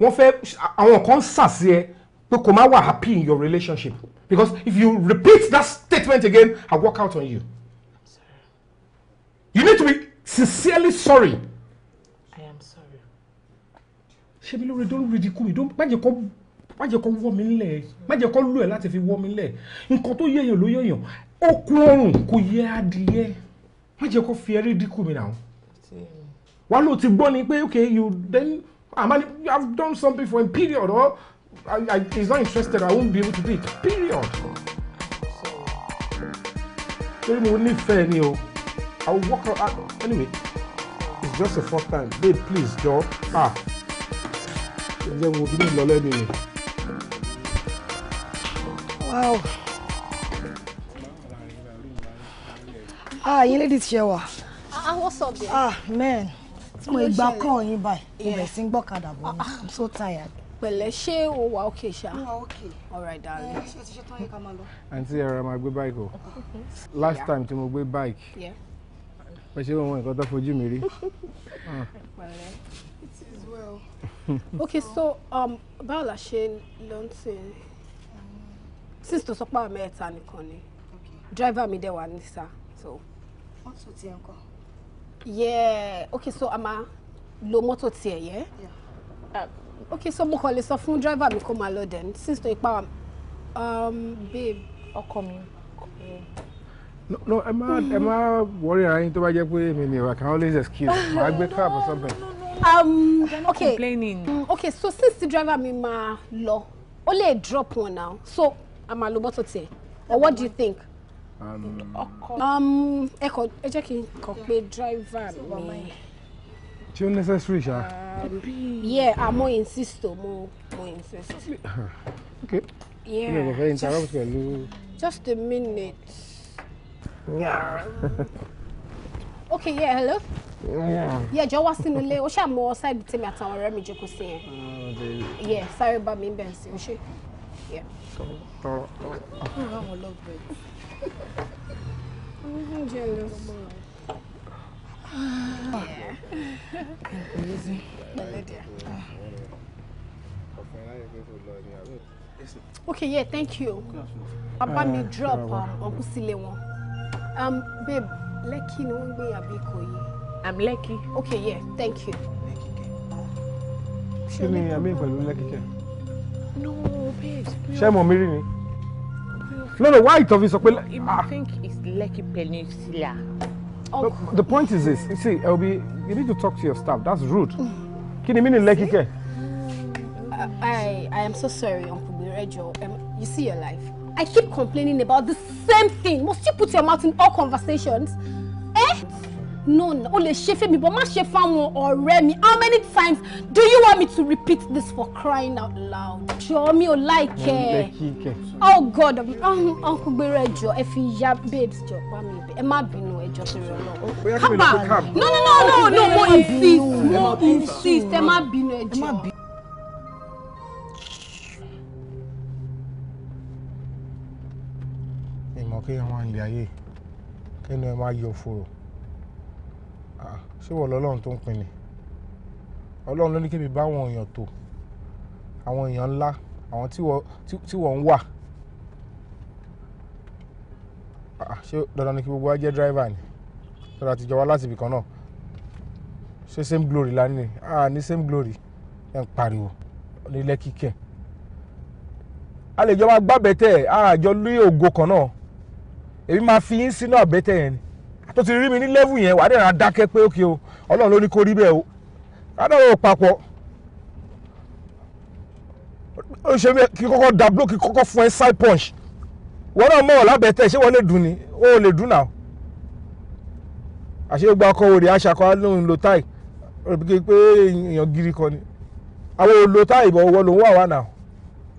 wọ́n fẹ́ àwọn kan ń sàṣe ẹ pé kò má wà happy in your relationship because if you repeat that statement again i work out on you you need to be sincerely sorry. i am sorry. ṣé mi lóore don't ridicule me don't má jẹ́ kó má jẹ́ kó wọ́ mi nílẹ̀ má jẹ́ kó lù ẹ́ láti fi wọ́ mi nílẹ̀ nǹkan tó yẹ̀yàn ló yẹ̀yàn okun ọrùn kò yẹ adìyẹ má jẹ́ kó fi ẹrí dínkù mi now? wà ló ti gbọ́ ni pé okay you then amani you have done something for a period or I, I, he's not interested. I won't be able to do it. Period. Torí mo nífẹ̀ẹ́ fair, o. I will walk out. I, anyway, it's just a first time. Babe, please, Joe. Ah. Ǹjẹ́ wo bí mi lọ lẹ́nu Wow. Ah, you ladies ṣe wà. Ah, ah, what's up there? Ah, man. Tí mo ìgbà kàn yín báyìí, mo bẹ̀ sí ah, ah. I'm so tired pẹ̀lẹ́ ṣé o wà òkè ṣá. mo wà òkè. alright darling. Eh, ṣé o ti ṣe tán yẹ ká máa lọ. àǹtí ẹ̀rọ máa gbé báìkì o last time tí mo gbé báìkì pẹ̀ ṣé òun nǹkan tó fojú mi rí. pẹ̀lẹ́ it is well. okay so um, báwo la ṣe lọ ń tè sis tó sọ pé àwọn mẹ́ta nìkan ni driver mi dẹ̀ wà ní sá. wọ́n tún ti ẹ̀ ń kọ́. yeah okay so a máa lo mọ́tò tiẹ̀ yẹ. Yeah? Yeah. Um, ok so mo kàn lè sọ fún driver mi kó máa lọ dẹ̀ since tó ipa wa um, babe ọkọ mi. no no ẹ má ẹ má worry ara yín tó bá jẹ́ pé èmi ni I can always excuse [LAUGHS] màá gbé cab or something. Um, okay um, okay so since the driver mi máa lọ ó lè drop one now so a máa lo bọ́tò tiẹ̀ or what do you think um, ọkọ um, ẹ kọ ẹ jẹ́ kí n kọ pé driver mi ṣé ó necessary ṣá. yeah àmọ́ ah, insist o mo mo insist. [LAUGHS] okay. yeah mi interrupt pẹ̀lú. just a minute. Yeah. [LAUGHS] okay yeah hello. yeah jọ wá sínú ilé ó ṣàmọ ṣáìbì tèmi àtàwọn ọ̀rẹ́ mi jókòó sí yẹn. Oh, yeah sáré bá mi bẹ̀ sí o ṣe. Oh, a love bird. I'm jealous okay yeah thank you bàbá me drop ọkùn sílé wọn babe lucky no be a big Ìkòyí. i'm lucky. okay yeah thank you. kí ni àmì pẹ̀lú lẹ́kì kẹ́. no babe. ṣé mo ni. no no why ìtọ́ fi sọ i think it's lucky Peninsula. Look, oh. the point is this. You see, LB, you need to talk to your staff. That's rude. Kí ni mí ni lẹ́kìkẹ́? Uh, I I am so sorry, Uncle Birejo. Um, you see your life. I keep complaining about the same thing. Must you put your mouth in all conversations? Eh? No, no. Ó lè ṣe mi, but má shefe fáwọn or remi. How many times do you want me to repeat this for crying out loud? Jọ̀ọ́ mi ò láìkẹ́. Oh God, um, Uncle Birejo, ẹ fi ya babes jọ pa mi. Ẹ ìjọ torí Ọlọ́run kábà no no no no no mo insist mo insist ẹ má bínú ẹ jọ̀ọ́. ìmọ̀ kéèyàn máa ń lè ayé kẹ́nu ẹ máa yọ fòrò ṣé wọ́n lọ́lọ́run tó ń pin ni ọlọ́run ló ní kébi bá àwọn èèyàn tó àwọn èèyàn ńlá àwọn tí wọ́n ń wà Ah, ṣé dandan ni kí gbogbo wa jẹ́ driver ni tọ́lá ti jọ wá láti ibìkan náà ṣé same glory la ní ah ní same glory ẹ̀ ń pariwo ní lẹ́kì kẹ̀ a lè jọ máa gbá bẹ́tẹ̀ àjọ lóye ògo kan náà èmi máa fi yín sínú àbẹ́tẹ̀ yẹn ni tó ti rí mi ní level yẹn wà á dẹ̀ra dákẹ́ pé ókè o ọlọ́run ló ní kó rí bẹ́ẹ̀ o adáwọ̀ papọ̀ o ṣe bí kí kọ́kọ́ da blow kí kọ́kọ́ fún ẹ side punch Wọ́n náà mọ̀ lábẹ́ bẹ̀tẹ̀ ṣé wọ́n lè dùn ó lè dùn náà àṣegbà ọkọ̀ òrì aṣakọ lóun lo táì rẹ̀ pé èèyàn giri kan ni àwọn olo bọ̀ wọ́n lòun wà wà náà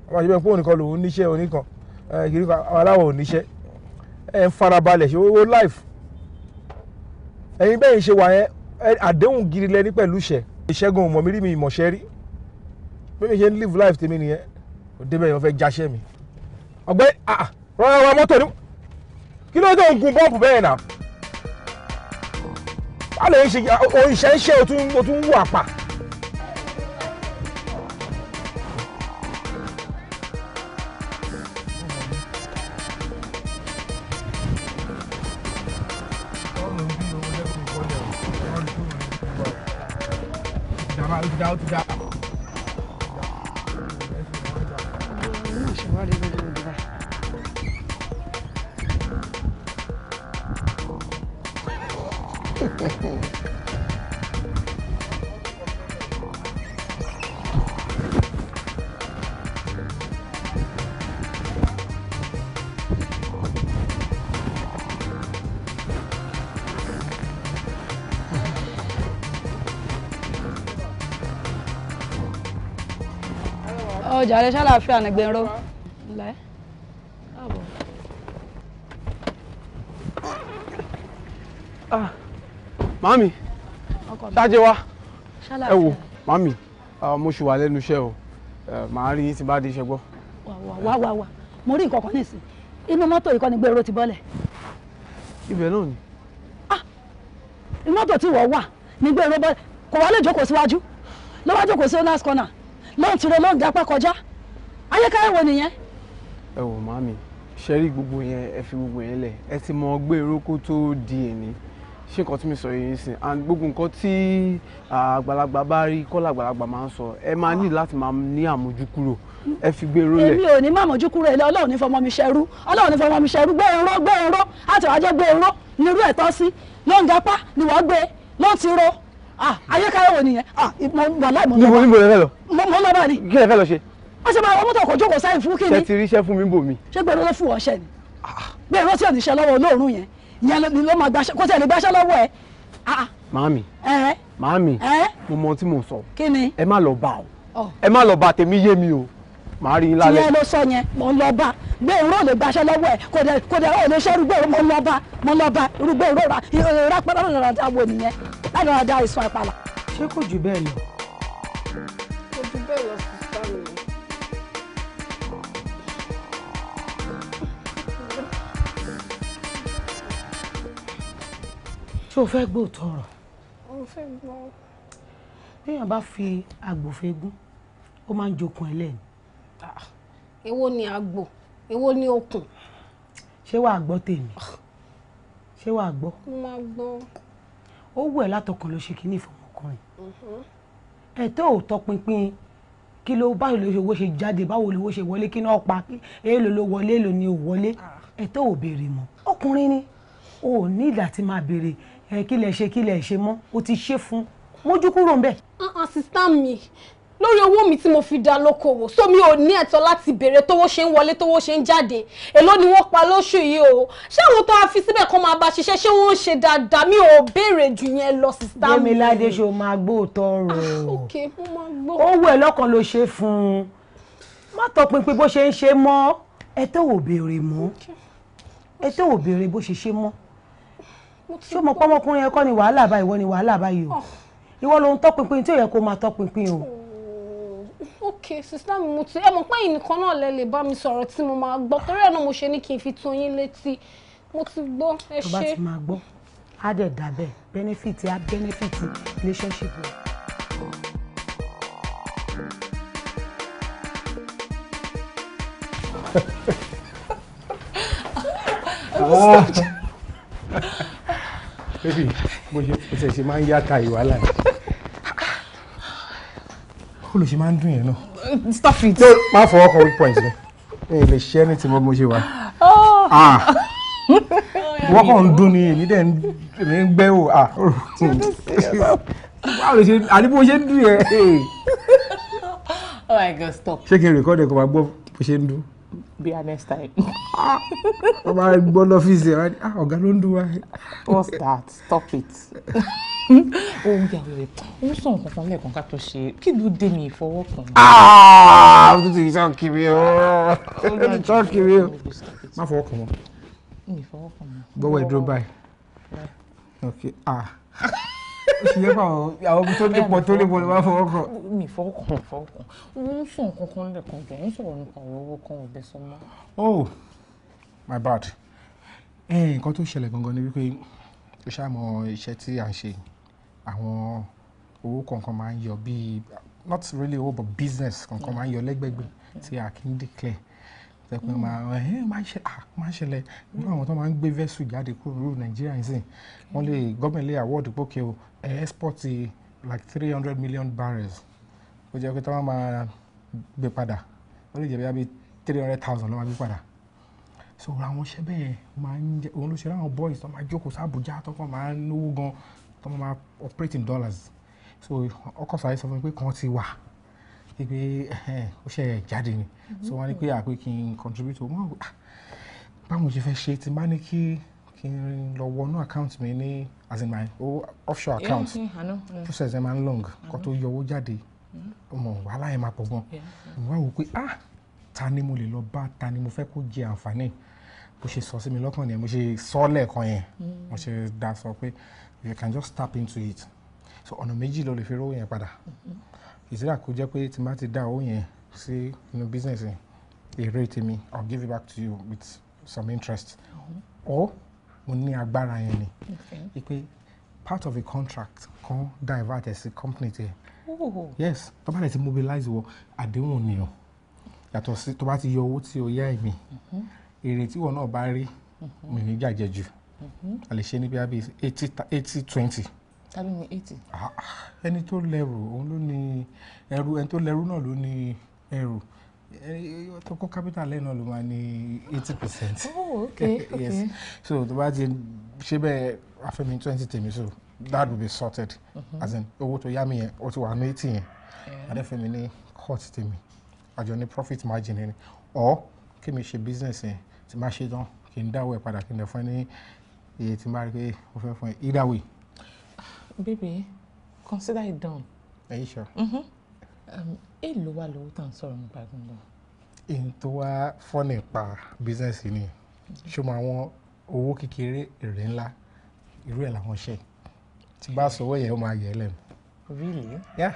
àwọn àṣebẹ̀ pé òun kan lòun níṣẹ́ oníkan kan àwọn aláwọ̀ ẹ̀ ń farabalẹ̀ ṣe owó àdéhùn lẹ́ni pẹ̀lú ìṣẹ́gun ọmọ mi rí mi ìmọ̀ṣẹ́ rí rọra wa mọ́tò ní kí ló dé ògùn bọ́ọ̀bù bẹ́ẹ̀ náà a lè ṣe òṣìṣẹ́ ṣe o tún wù àpà. Out, out, o jàre ṣàlàáfíà nìgbẹ́nró. ǹlẹ́ àbọ̀. màámi ṣáàjẹ wa ẹ wò màámi ah, mo ṣì wà lẹ́nu iṣẹ́ o eh, màá rí yín tí bá dé iṣẹ́ gbọ́. wà wà wà mo rí nǹkan kan nísìn inú mọ́tò yìí kọ́ ni gbèrò ti bọ́lẹ̀. ibẹ̀ náà ni. Ah, inú mọ́tò tí wọ́n wà ní gbèrò bọ́lẹ̀ kò wá lè jókòó síwájú ló wá jókòó sí owners corner lóun ti ro lóun dápá kọjá ayékáyé wo nìyẹn. ẹ wò màmí ṣe rí gbogbo yẹn ẹ fi gbogbo yẹn lẹ ẹ ti mọ ọgbẹ́ ìrókò tó di èní ṣé nǹkan tí mi sọ yìí sìn and gbogbo nǹkan tí àgbàlagbà bá rí kọ́lá àgbàlagbà máa ń sọ ẹ máa ní láti máa ní àmójúkúrò ẹ fi gbé irú lẹ. èmi ò ní má àmójúkúrò ilé ọlọ́run ní fọmọ mi ṣerú ọlọ́run ní fọmọ mi ṣerú gbé irọ́ gbé irọ́ àtẹ̀wájẹ́ gbé irọ́ ní irú ẹ̀ tọ́ sí lóńgápá ni wọ́n gbé ló ro Ah, ayékáyé wo nìyẹn ah, mo wà láì mọ lọ́ba níbo lẹ́fẹ̀ lọ mo lọ́ba ni kí lẹ́fẹ̀ lọ ṣe. wọ́n ṣe máa wọ́n mọ́tò ọkọ̀ jókòó sáyìn fún kíni. ṣe ti ríṣẹ́ fún mi bò mí. ṣé gbẹ̀rẹ̀ ló fún ọ ṣẹ ni ah, bẹ́ẹ̀ rántí òníṣẹ́ lọ́wọ́ olóòórùn yẹn ìyẹn ni ló máa gbaṣẹ́ kó tẹ̀ lè gbaṣẹ́ lọ́wọ́ ẹ̀. màámi màámi mo mọ ohun tí mo sọ ẹ má lọ bá o ẹ má lọ bá tèmi yé mi o màá rí i lálẹ́. tiẹ́ ló sọ yẹn mo ń lọ bá gbé ìró lè gbaṣẹ́ lọ́wọ́ ẹ̀ kò dẹ̀ kò dẹ̀ ó lè ṣe rúgbó mo ń lọ bá mo ń lọ bá rúgbó ìró ra rápẹ́ lọ́dọ̀dà wo nìyẹn lọ́dọ̀dà ìsun àpàlà. ṣé kò jù bẹ́ẹ̀ lọ. kò jù bẹ́ẹ̀ lọ sí sáré mi. ṣé o fẹ́ gbóòótọ́ ọ̀rọ̀. mo fẹ́ gbọ́. bí èèyàn bá fi àgbò fẹ́ gún ó máa ń jokun ẹlẹ́ni Ewo ah, ni agbo, ewo ni okun. ṣé wàá gbọ́ tèmi ah. ṣé wàá gbọ́. mo máa gbọ́. ó wù ẹ́ látọkàn ló ṣe kínní ìfọmọkùnrin mm-hmm. ẹ̀tọ́ ò tọpinpin kí ló báwo ló ṣe owó ṣe jáde báwo lówó ṣe wọlé kí náà pa èèlò ló wọlé èèlò ni ò wọlé ah. ẹ̀tọ́ ò béèrè mọ́ ọkùnrin ni o ò ní ìdá tí máa béèrè ẹ kí lẹ ṣe kí lẹ ṣe mọ́ o ti ṣe fún mójú kúrò ń bẹ̀. sísá mi lórí owó mi tí mo fi dá lókòwò so mi ò ní ẹ̀tọ́ láti béèrè tówó ṣe ń wọlé tówó ṣe ń jáde èló ni wọ́n pa lóṣù yìí o ṣé àwọn tó a fi síbẹ̀ kó máa bá ṣiṣẹ́ ṣé wọ́n ṣe dáadáa mi ò béèrè jù yẹn lọ sísá mi. Yémiládé ṣe o máa gbọ́ òótọ́ rò ah, ó owó ẹ̀ lọ́kàn ló ṣe fún un má tọpinpin bó ṣe ń ṣe mọ́ ẹ̀tọ́ ò béèrè mọ́ ẹ̀tọ́ ò béèrè bó ṣe ṣe mọ́ ṣé o mọ̀ pọ́nmọ́kùnrin ẹ̀kọ́ ni wàhálà báyìí ìwọ ni wàhálà báyìí o ah. ìwọ ló ń tọpinpin tí ò yẹ kó máa Ok, sista mi mo ti ẹ mọ̀ pé ìnìkan náà lẹ lè bá mi sọ̀rọ̀ tí mo máa gbọ́ torí ẹ̀ náà mo ṣe ní kí n fi tó yín létí mo ti gbọ́ ẹ ṣe. tó bá ti máa gbọ́ á dẹ̀ dàbẹ̀ benefit á benefit relationship rẹ̀. Ah. [LAUGHS] baby bó ṣe ṣe máa ń yá ta ìwà láì ó lè ṣe máa ń dùn yẹn náà. stop it. no má fọwọ́ kan weak point yẹn mi ì lè ṣe ẹni tí mo mú ṣe wá. Ah. wọ́n kàn ń dún ni èmi dẹ̀ ń gbẹ́ wò ah, oh. á. àdìbò ṣe ń dùn yẹn. oh my god stop. ṣé kí n rìkọ́dì kó máa gbọ́ bó ṣe ń dún. be our next time. Ah. wọ́n máa gbọ́ lọ́fíìsì ọ̀gá ló ń dún wa. what's that stop it. [LAUGHS] ohun ìyàwó rẹ ó sọ nǹkan kan lẹ́ẹ̀kan ká tó ṣe kí ló dé mi ìfọwọ́kàn. Ah, ó tún ti sọ kiri o ó ti sọ kiri o má fọwọ́ kàn mọ́ gbọ́wọ́ ìdúró báyìí ok ah ó sì yẹ kó àwọn àwọn tó nípọ̀ tó nípọ̀ ló má fọwọ́ kàn. mi ìfọwọ́kàn ìfọwọ́kàn ó sọ nǹkan kan lẹ́ẹ̀kan jọ ó sọ̀rọ̀ nípa ìrọwọ́ kan ọ̀bẹ sọmọ. oh my bad eh, nǹkan tó ṣẹlẹ̀ gangan ni wípé o ṣáà mọ iṣẹ́ tí à ń ṣe yìí àwọn owó kọ̀ọ̀kan máa ń yọ bíi not really owó but business kọ̀ọ̀kan máa ń yọ lẹ́gbẹ̀gbẹ̀ tí a kì í declare tẹpẹ máa hmm. ẹ máa ṣẹlẹ̀ nínú àwọn tó máa ń gbé vẹ́sù jáde kúrò lóru nàìjíríà yìí sìn wọ́n lè gọ́ọ̀mẹ̀ntì lè award pókè o ẹ export like three hundred million barrels ó jẹ́ pé tí wọ́n máa gbé padà ó lè jẹ́ bí i three hundred thousand ló máa gbé padà so àwọn iṣẹ́ bẹ́ẹ̀ máa ń jẹ́ òun ló ṣe láwọn boys tó máa jókòó sí Àbújá tó kàn máa ń náwó gan tó máa máa operate in dollars so ọkọ̀ sáré sọ fún mi pé kan ti wà pé ó ṣe jáde ni so wọ́n ní pé àpé kí n contribute owó wọn báwo ṣe fẹ́ ṣe ti máa ní kí kí n lọ wọnú account mi ní as in my offshore account process ẹ máa ń long kó tó yọ owó jáde mm-hmm. ọmọ wàhálà yẹn máa pọ̀ gan mo wá wò pé ah ta ni mo lè lọ bá ta ni mo fẹ́ kó jẹ àǹfààní bó ṣe sọ sí mi lọ́kàn yẹn mo ṣe sọ lẹ́ẹ̀kan yẹn mm. mo ṣe dá sọ pé you can just tap into it so ọ̀nà méjì ló lè fi rówó yẹn padà ìsirà kó jẹ́ pé tí n bá ti dá owó yẹn sí inú business yẹn èrè tèmi i'll give it back to you with some interest or mo ní agbára yẹn ni ipe part of a contract kan divert ẹ̀ sí company tiẹ̀ yes tó bá lè ti mobilize wọ àdéhùn nìyàn yàtọ̀ sí tó bá ti yọ owó tí o yá ẹ̀mí mm-hmm. èrè tí wọn náà bá rí mi ní jàjẹ́ jù. Mm-hmm. a lè ṣe ní bíi eighty eighty twenty. tàbí ní eighty. Ah, ẹni tó lẹ́rù òun ló ní ẹrù ẹni tó lẹ́rù náà ló ní ẹrù tó kó capital lẹ́nu ló máa ní eighty percent. oh okay [LAUGHS] okay yes so tó bá ti ṣe bẹ́ẹ̀ afẹ́mi twenty tèmi so that will be sorted mm-hmm. as in owó tó yá mi yẹn o ti wà ní eighty yẹn adẹ́fẹ́mi ní cut tèmi àjọ ní profit margin ni or kí mi ṣe business yẹn tí má ṣe tán kí n dáwọ́ ẹ̀ padà kí n lè fún ẹ ní iye tí n bá rí pé o fẹ́ fún ẹ either way. baby consider it done. are you sure. èèlò mm-hmm. um, wa lówó tá à ń sọ̀rọ̀ nípa gbọ̀ngàn. èyí tó wá fọ́nì pa bísíǹsì ni ṣùgbọ́n àwọn owó kékeré èrè ńlá irú ẹ̀ làwọn ṣe tí bá sọ̀wọ́ yẹn ó máa yẹ lẹ́nu. really. yeah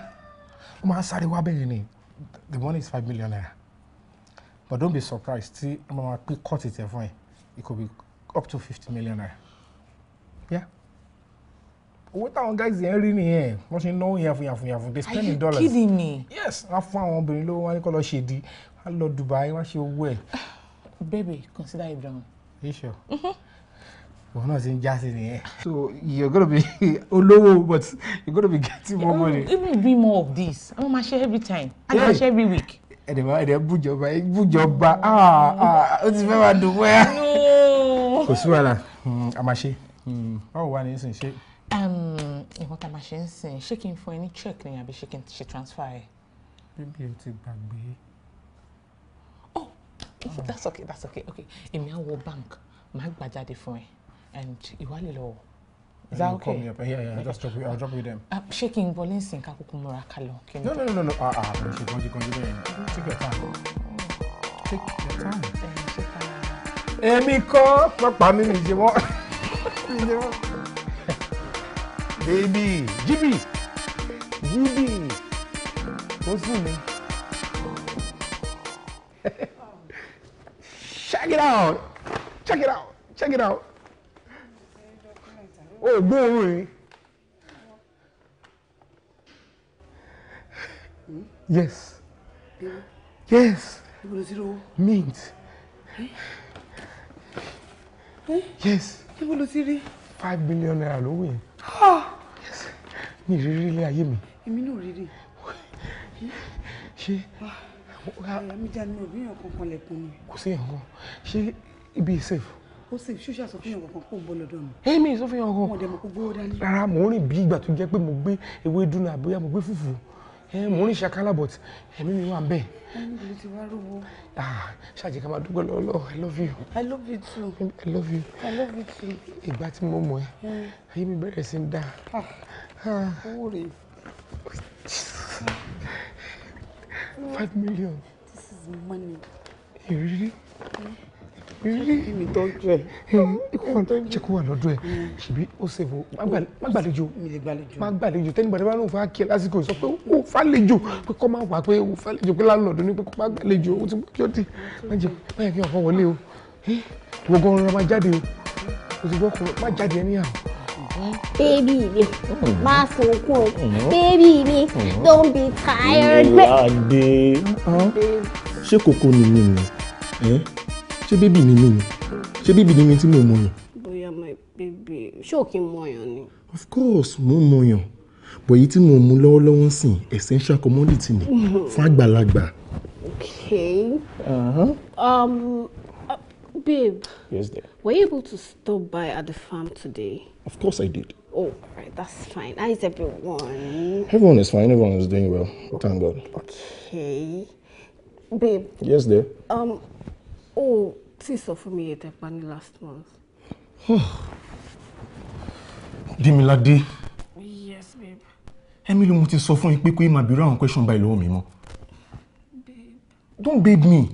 ó máa ń sáré wá bẹ́ẹ̀ ni the money is five million naira but don't be surprised tí wọ́n máa pín kọ́ọ̀tì tẹ̀ fún ẹ it could be up to fifty million naira owó táwọn guys yẹn rí nìyẹn wọ́n ṣe ń náwó yẹn fún yàfun yàfun they spend dollars. are you kidding me. yes wọ́n á fún àwọn obìnrin lówó wọn ní kó lọ ṣèdí wọ́n lọ Dubai wọ́n á ṣe owó ẹ̀. baby consider it brown. you sure. òun náà ti ń já sí nìyẹn. so you're gonna be [LAUGHS] olówó but you're gonna be getting more money. even be more of this àwọn máa ṣe every time and yeah. máa ṣe every week. ẹ̀dẹ̀ máa ẹ̀dẹ̀ bújọba bújọba ah, ah, ó ti fẹ́ máa dùn fún ẹ. kò sí wàhálà hmm, a máa ṣe hmm, báwo wà ní ìsìn ṣe nǹkan tá a máa ṣe ń sìn ṣé kí n fún ẹ ní check ni àbí ṣé kí n ṣe transfer ẹ. bíbí o ti gbàgbé. Oh, oh that's okay that's okay okay èmi á wo bank màá gbà jáde fún ẹ and ìwà lè lọ wọ. Is that okay? Call me up. Yeah, yeah, I'll just drop you, I'll drop with them. Uh, shaking bowling sink akukumura kalo. No, no, no, no, no. Ah, ah, she wants to continue. Take your time. Take your time. Èmi kọ́, pàpà mi [LAUGHS] mi wọ́n. Mi wọ́n èbì jíbì jíbì what's sùn mi. check it out check it out check it out Oh, boy! Yes. Yes. Mint. Yes. Five billion naira ló win mi rírí ilé ayé mi. èmi náà rírí. ṣé. Ah, àyà mi já nínú òbí yàn kankan lẹ̀kùn mi. kò sí ìyàwó ṣé ibi ìsèfù ó sì ṣúṣà sọ fún ìyàwó kan kó bọ́ lọ́dọ̀ mi. èmi ìsọfún ìyàwó kan. wọn ò dẹ̀ mọ̀ kó gbówó dání. rárá mò ń rìn bí ìgbà tó jẹ́ pé mo gbé ewé dúnà àbúyá mo gbé fùfú. Eh, mo ní ṣakálà but ẹ̀mí mi wà ń bẹ̀. ẹ̀mí ti wá rúwo. Ah, ṣáàjì ká máa dúpẹ́ lọ́wọ́ i love you. i love you too. i love you. i love you too. ìgbà tí mo mọ̀ ẹ́ hmm. ayé mi bẹ̀rẹ̀ sí ń dà. Ah, ah. owó rè five million. this is money. ìrírí. Yeah. Hmm èmi tọ́jú ẹ̀. jẹ́ kó ẹ̀ ṣèbí ó ṣèwọ má gbàlejò má gbàlejò tẹ́nibàdé bá lóun fún akẹ́ lásìkò sọ pé ó fàlejò pé kọ́ máa wà pé ó fàlejò pé láńlọ́ọ̀dù ni pé kó má gbàlejò ó ti gbọ́jọ́ dì má jẹ́ má yẹ kí ọ̀fọ̀ wọlé o ìwọ gan ọ̀rọ̀ jáde o o ti gbọ́ má jáde ẹ̀ níyàwó baby mi hmm. má sunkún hmm. baby mi hmm. don't be tired. ìwádìí ṣé kòkó ni mi ni ṣé bébì ni mí ni ṣé bébì ni mí tí mo mọyàn. bóyá my baby ṣó kí n mọyàn ni. of course mo mọyàn bọ̀ èyí tí mo mú lọ́wọ́lọ́wọ́ ń sìn essential commodity ni mm-hmm. fún àgbàlagbà. okay. Uh-huh. um, uh, babe. yes dear. were you able to stop by at the farm today. of course I did. Oh, right, that's fine. How is everyone? Everyone is fine. Everyone is doing well. Thank God. Okay. Babe. Yes, dear. Um, Oh, ti sọ fún mi yẹtẹ pa ní last month. [SIGHS] Dèmíládé. yes babe. Emily mo ti sọ fún yín pé kó yín máa bèrè question by lọ́wọ́ mi mọ́. babe. don't babe me.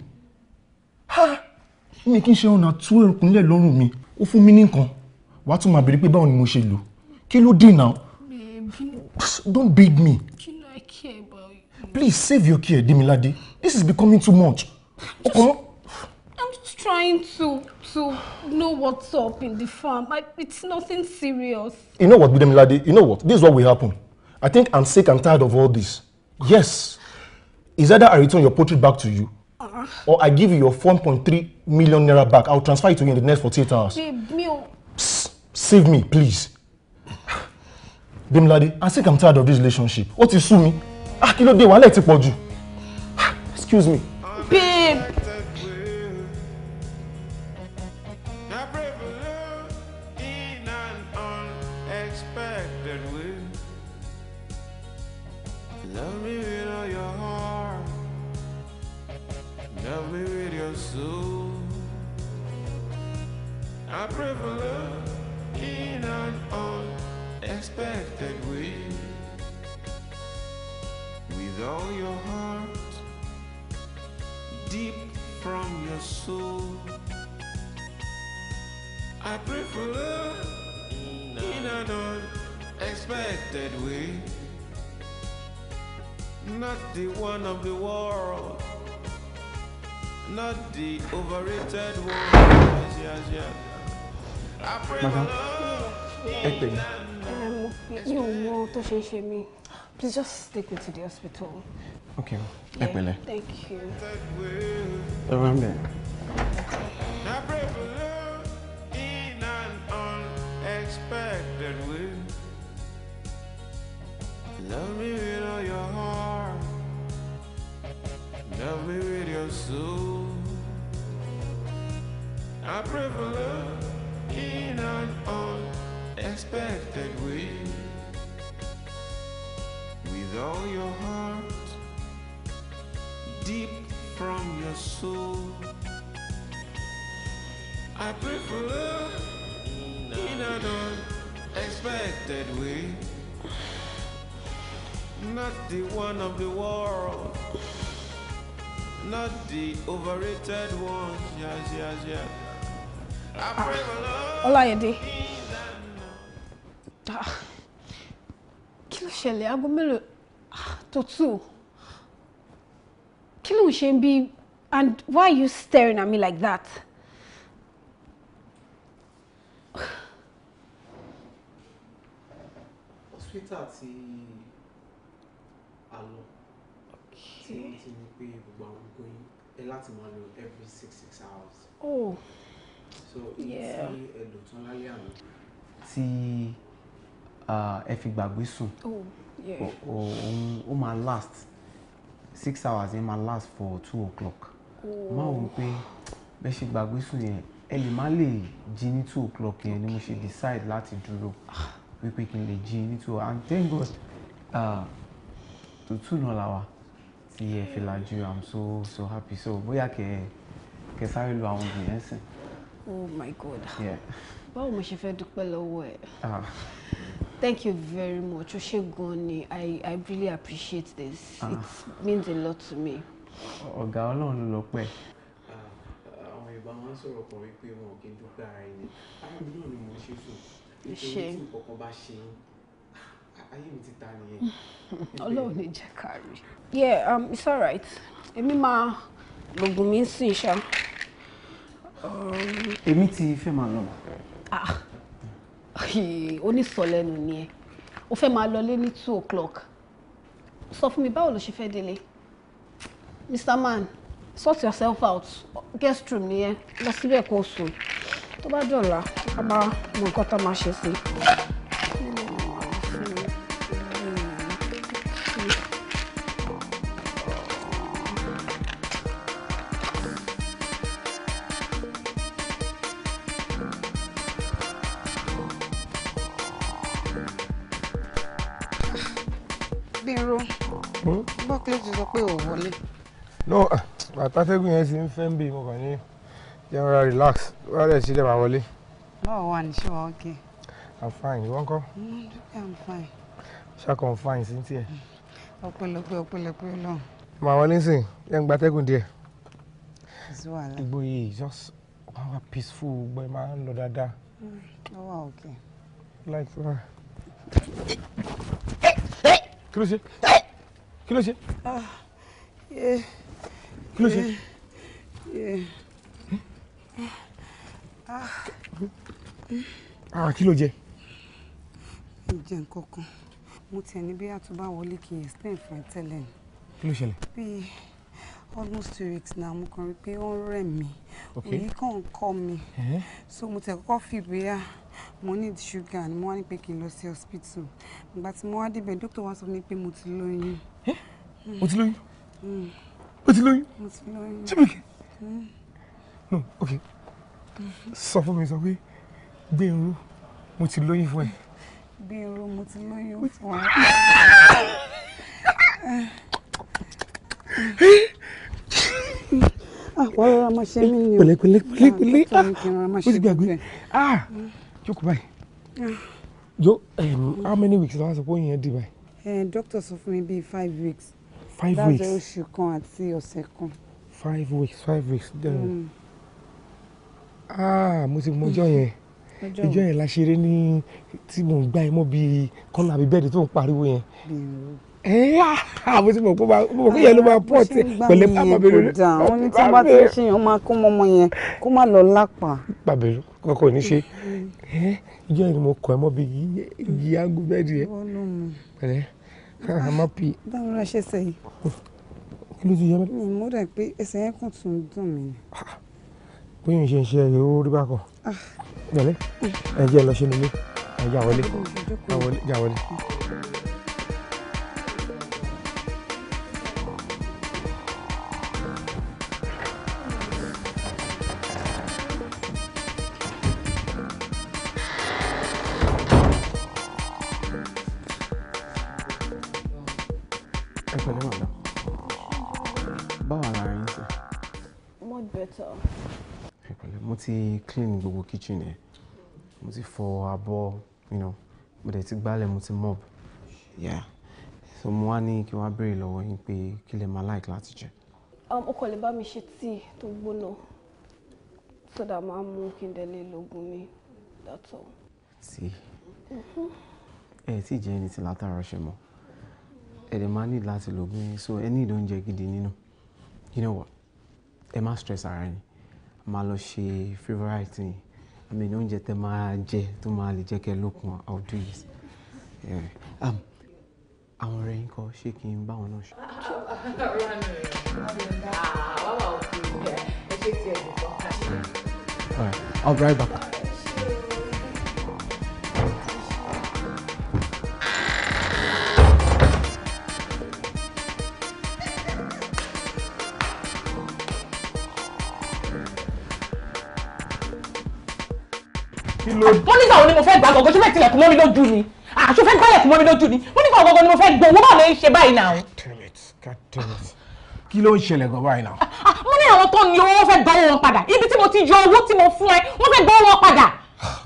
ha mi kì í ṣe ọ̀nà tú ẹ̀kúnlẹ̀ lọ́rùn mi ó fún mi ní nǹkan wàá tún máa bèrè pé báwo ni mo ṣe lò kí ló dé náà. babe. don't babe me. you I care about you. please save your care Dèmíládé this is becoming too much. Just... Okay trying to to know what's up in the farm. I, it's nothing serious. You know what, Bidemilade? You know what? This is what will happen. I think I'm sick and tired of all this. Yes. Is either I return your portrait back to you uh, or I give you your 4.3 million naira back. I'll transfer it to you in the next 48 hours. Babe, me Psst, save me, please. Bimladi, I think I'm tired of this relationship. What ti sue me? Ah, kí ló dé, wàhálà ti pọ̀ jù. Ah, excuse me. Babe. Please just take me to the hospital. Okay. Yeah, Epele. Thank you. Around there. Love me with all your heart. Love me with your soul. I pray for love in an unexpected way with all your heart, deep from your soul. I pray for love in an unexpected way, not the one of the world, not the overrated ones. Yes, yes, yes. I ah. pray for love. Olayede. Ah. kí ló ṣẹlẹ̀ Dọ̀tú, kilo ló and why are you staring at me like that? Hospital ti àlọ́ tí mo ti ní pé every six six hours. Oh. So èyí tí ẹ lò tán lálẹ́ ẹ fi gbàgbé sùn oh, ó máa last six hours yẹn máa last for two o'clock máa wò pé bẹ́ẹ̀ ṣe gbàgbé sùn yẹn ẹ lè má lè jí ní two o'clock yẹn ni mo ṣe decide láti dúró ah. wípé kí n lè jí ní two and thank God To tù náà la wa tí ẹ fi lajú i'm so so happy so bóyá kẹ kẹ sáré lo àwọn obìnrin sìn. oh my God báwo mo ṣe fẹ́ dúpẹ́ lọ́wọ́ ẹ̀ ah. Thank you very much. Oshigoni, I, I really appreciate this. Ah. It means a lot to me. Ọ̀gá Ọlọ́run ló lọ pẹ́. Àwọn Yorùbá máa ń sọ̀rọ̀ kan wípé wọn ò kí ń dúpẹ́ ara ẹni. Ayé mi ni mo ṣe fún. Ṣé nítorí tí kọ̀ọ̀kan bá ṣe ayé mi ti ta nìyẹn. [LAUGHS] Ọlọ́run ní jẹ́ ká rí. Yeah, um, it's alright. Emi ma, gbogbo mi ń sìn ṣá. Um, Èmi ti fẹ́ máa lọ. Ah onísọ̀lẹ́nu ni ẹ o fẹ́ máa lọlé ní two o'clock sọ fún mi báwo ló ṣe fẹ́ délé mr man sort yourself out guest room ni ẹ lọ síbẹ̀ kó o sùn tó bá dọ̀la ká bá mọ nǹkan tó máa ṣe sí i. pé ò wọlé. no ah, àtàtẹ́gùn yẹn ti ń fẹ́ ń bì mo kàn ní general relax wọ́n rẹ̀ sílẹ̀ máa wọlé. báwo wà ní ṣé wàá ókè. i'm fine ìwọ ńkọ́. dúpẹ́ mm, i'm fine. ṣàkó i'm fine sí tiẹ̀. Mm. ọpẹ́lọpẹ́ ọpẹ́lọpẹ́ Ọlọ́run. màá wọlé sìn yẹn ń gbatẹ́gùn díẹ̀. ìgbò yìí just wọ́n wá peaceful gbogbo ẹ̀ máa ń lọ dáadáa. Mm, ó wà òkè. like that. Eh, eh, eh. kí ló ṣe kí ló ṣe. Ah kí ló ṣe. ah ló jẹ. mi jẹ nǹkan kan mo tiẹ̀ ní bí àtúbà wọlé kí n explain fún ẹ tẹ́lẹ̀ ni. kí ló ṣẹlẹ̀. bíi almost two weeks now mo kàn rí pé ó ń rẹ̀ mí òyì kàn ń kọ́ mi so mo tẹ̀ kọ́kọ́ fi ìgbéyà mo need sugar ni mo wá ní pé kí n hospital ìgbà tí mo wá débẹ̀ dókítà wá sọ fún mi pé mo ti lóyún. o ti lóyún o ti lóyún Chibuike hmm. no ok sọ fún mi sọ pé Gbénró mo ti lóyún fún ẹ. Gbénró mo ti lóyún fún ẹ. àwọn eh? ah, ọ̀rọ̀ ọmọ ṣe mí ni o pẹ̀lẹ́ pẹ̀lẹ́ ah, pẹ̀lẹ́ ah o ti gbàgbé ah hmm. jókòó báyìí ah. jo how many weeks ló wá sọ pé ó yẹn dì báyìí. Eh, doctor sọ fún mi bíi five weeks five That's weeks. oṣù kan àti ọ̀sẹ̀ kan. five weeks five weeks Mm. ah mo ti mọ ọjọ́ yẹn ìjọ yẹn la ṣeré ní tí mò ń gbá ẹ mọ́ bíi kọ́nà àbí bẹ́ẹ̀dì tó ń pariwo yẹn. àmọ́ tí eh, ah, ah, mo kó máa mo kó yẹn ló máa pọ̀ tí pẹ̀lẹ́ pápá bẹ̀rẹ̀ ló dà wọ́n ní tí wọ́n bá ti ń ṣèyàn máa kó mọ́mọ́ yẹn kó má lọ lápá. bàbá rẹ kọkọ ní ṣe ìjọ mm-hmm. eh, yẹn ni mo kọ ẹ mọ́ bíi yíyá gúbẹ́ẹ̀dì yẹn pẹ̀lẹ́. I'm happy. báwo la ṣe ṣe yìí. kí ló ti yẹ bẹ́ẹ̀. mo rẹ̀ pé ẹsẹ̀ yẹn kàn tún dùn mí. Ah, bóyá ń ṣe ń ṣe ẹ̀ ó rí bákan. Ah. gbẹ̀lẹ́ ẹ jẹ́ lọ sínú ilé ẹ já wọlé já wọlé. mo ti clean gbogbo kitchen yẹn mo ti fọ abọ́ you know mo dẹ̀ ti gbálẹ̀ mo ti mop yeah so mo wá ní kí wọ́n á béèrè lọ́wọ́ yín pé kí lè máa like láti jẹ. Um, o kò lè bá mi ṣe tíì tó gbóná sódà máa ń mú kí n délé lógun ní dàtọ̀. sí ẹ tí jẹ ẹni tí látàárọ̀ ṣe mọ́ ẹ dẹ̀ máa need láti lógun yín so ẹ ní ìdóúnjẹ gidi nínú you know what ẹ má stress ara yín a máa lọ ṣe favorite yín i mean oúnjẹ tẹ máa jẹ tó máa lè jẹ́ kẹ́ lókun i will do it. àwọn ọ̀rẹ́ yín kọ́ ṣé kí n bá wọn náà ṣe. all right i'll be right back. mo nígbà wo ni mo fẹ́ gbà gọ́gọ́ ṣọfẹ́ tilẹ̀kùn mọ́ mi lójú ni àṣọfẹ́ ah, gbálẹ̀kùn mọ́ mi lójú ni mo nígbà gọ́gọ́ ni mo fẹ́ gbọ́ owó báwo ni ṣe báyìí náà. kí ló ń ṣẹlẹ̀ gan báyìí náà. Ah, ah, mo ní àwọn tó ní owó fẹ́ gbọ́ wọn padà ibi tí mo ti yọ owó tí mo fún ẹ wọ́n fẹ́ gbọ́ wọn padà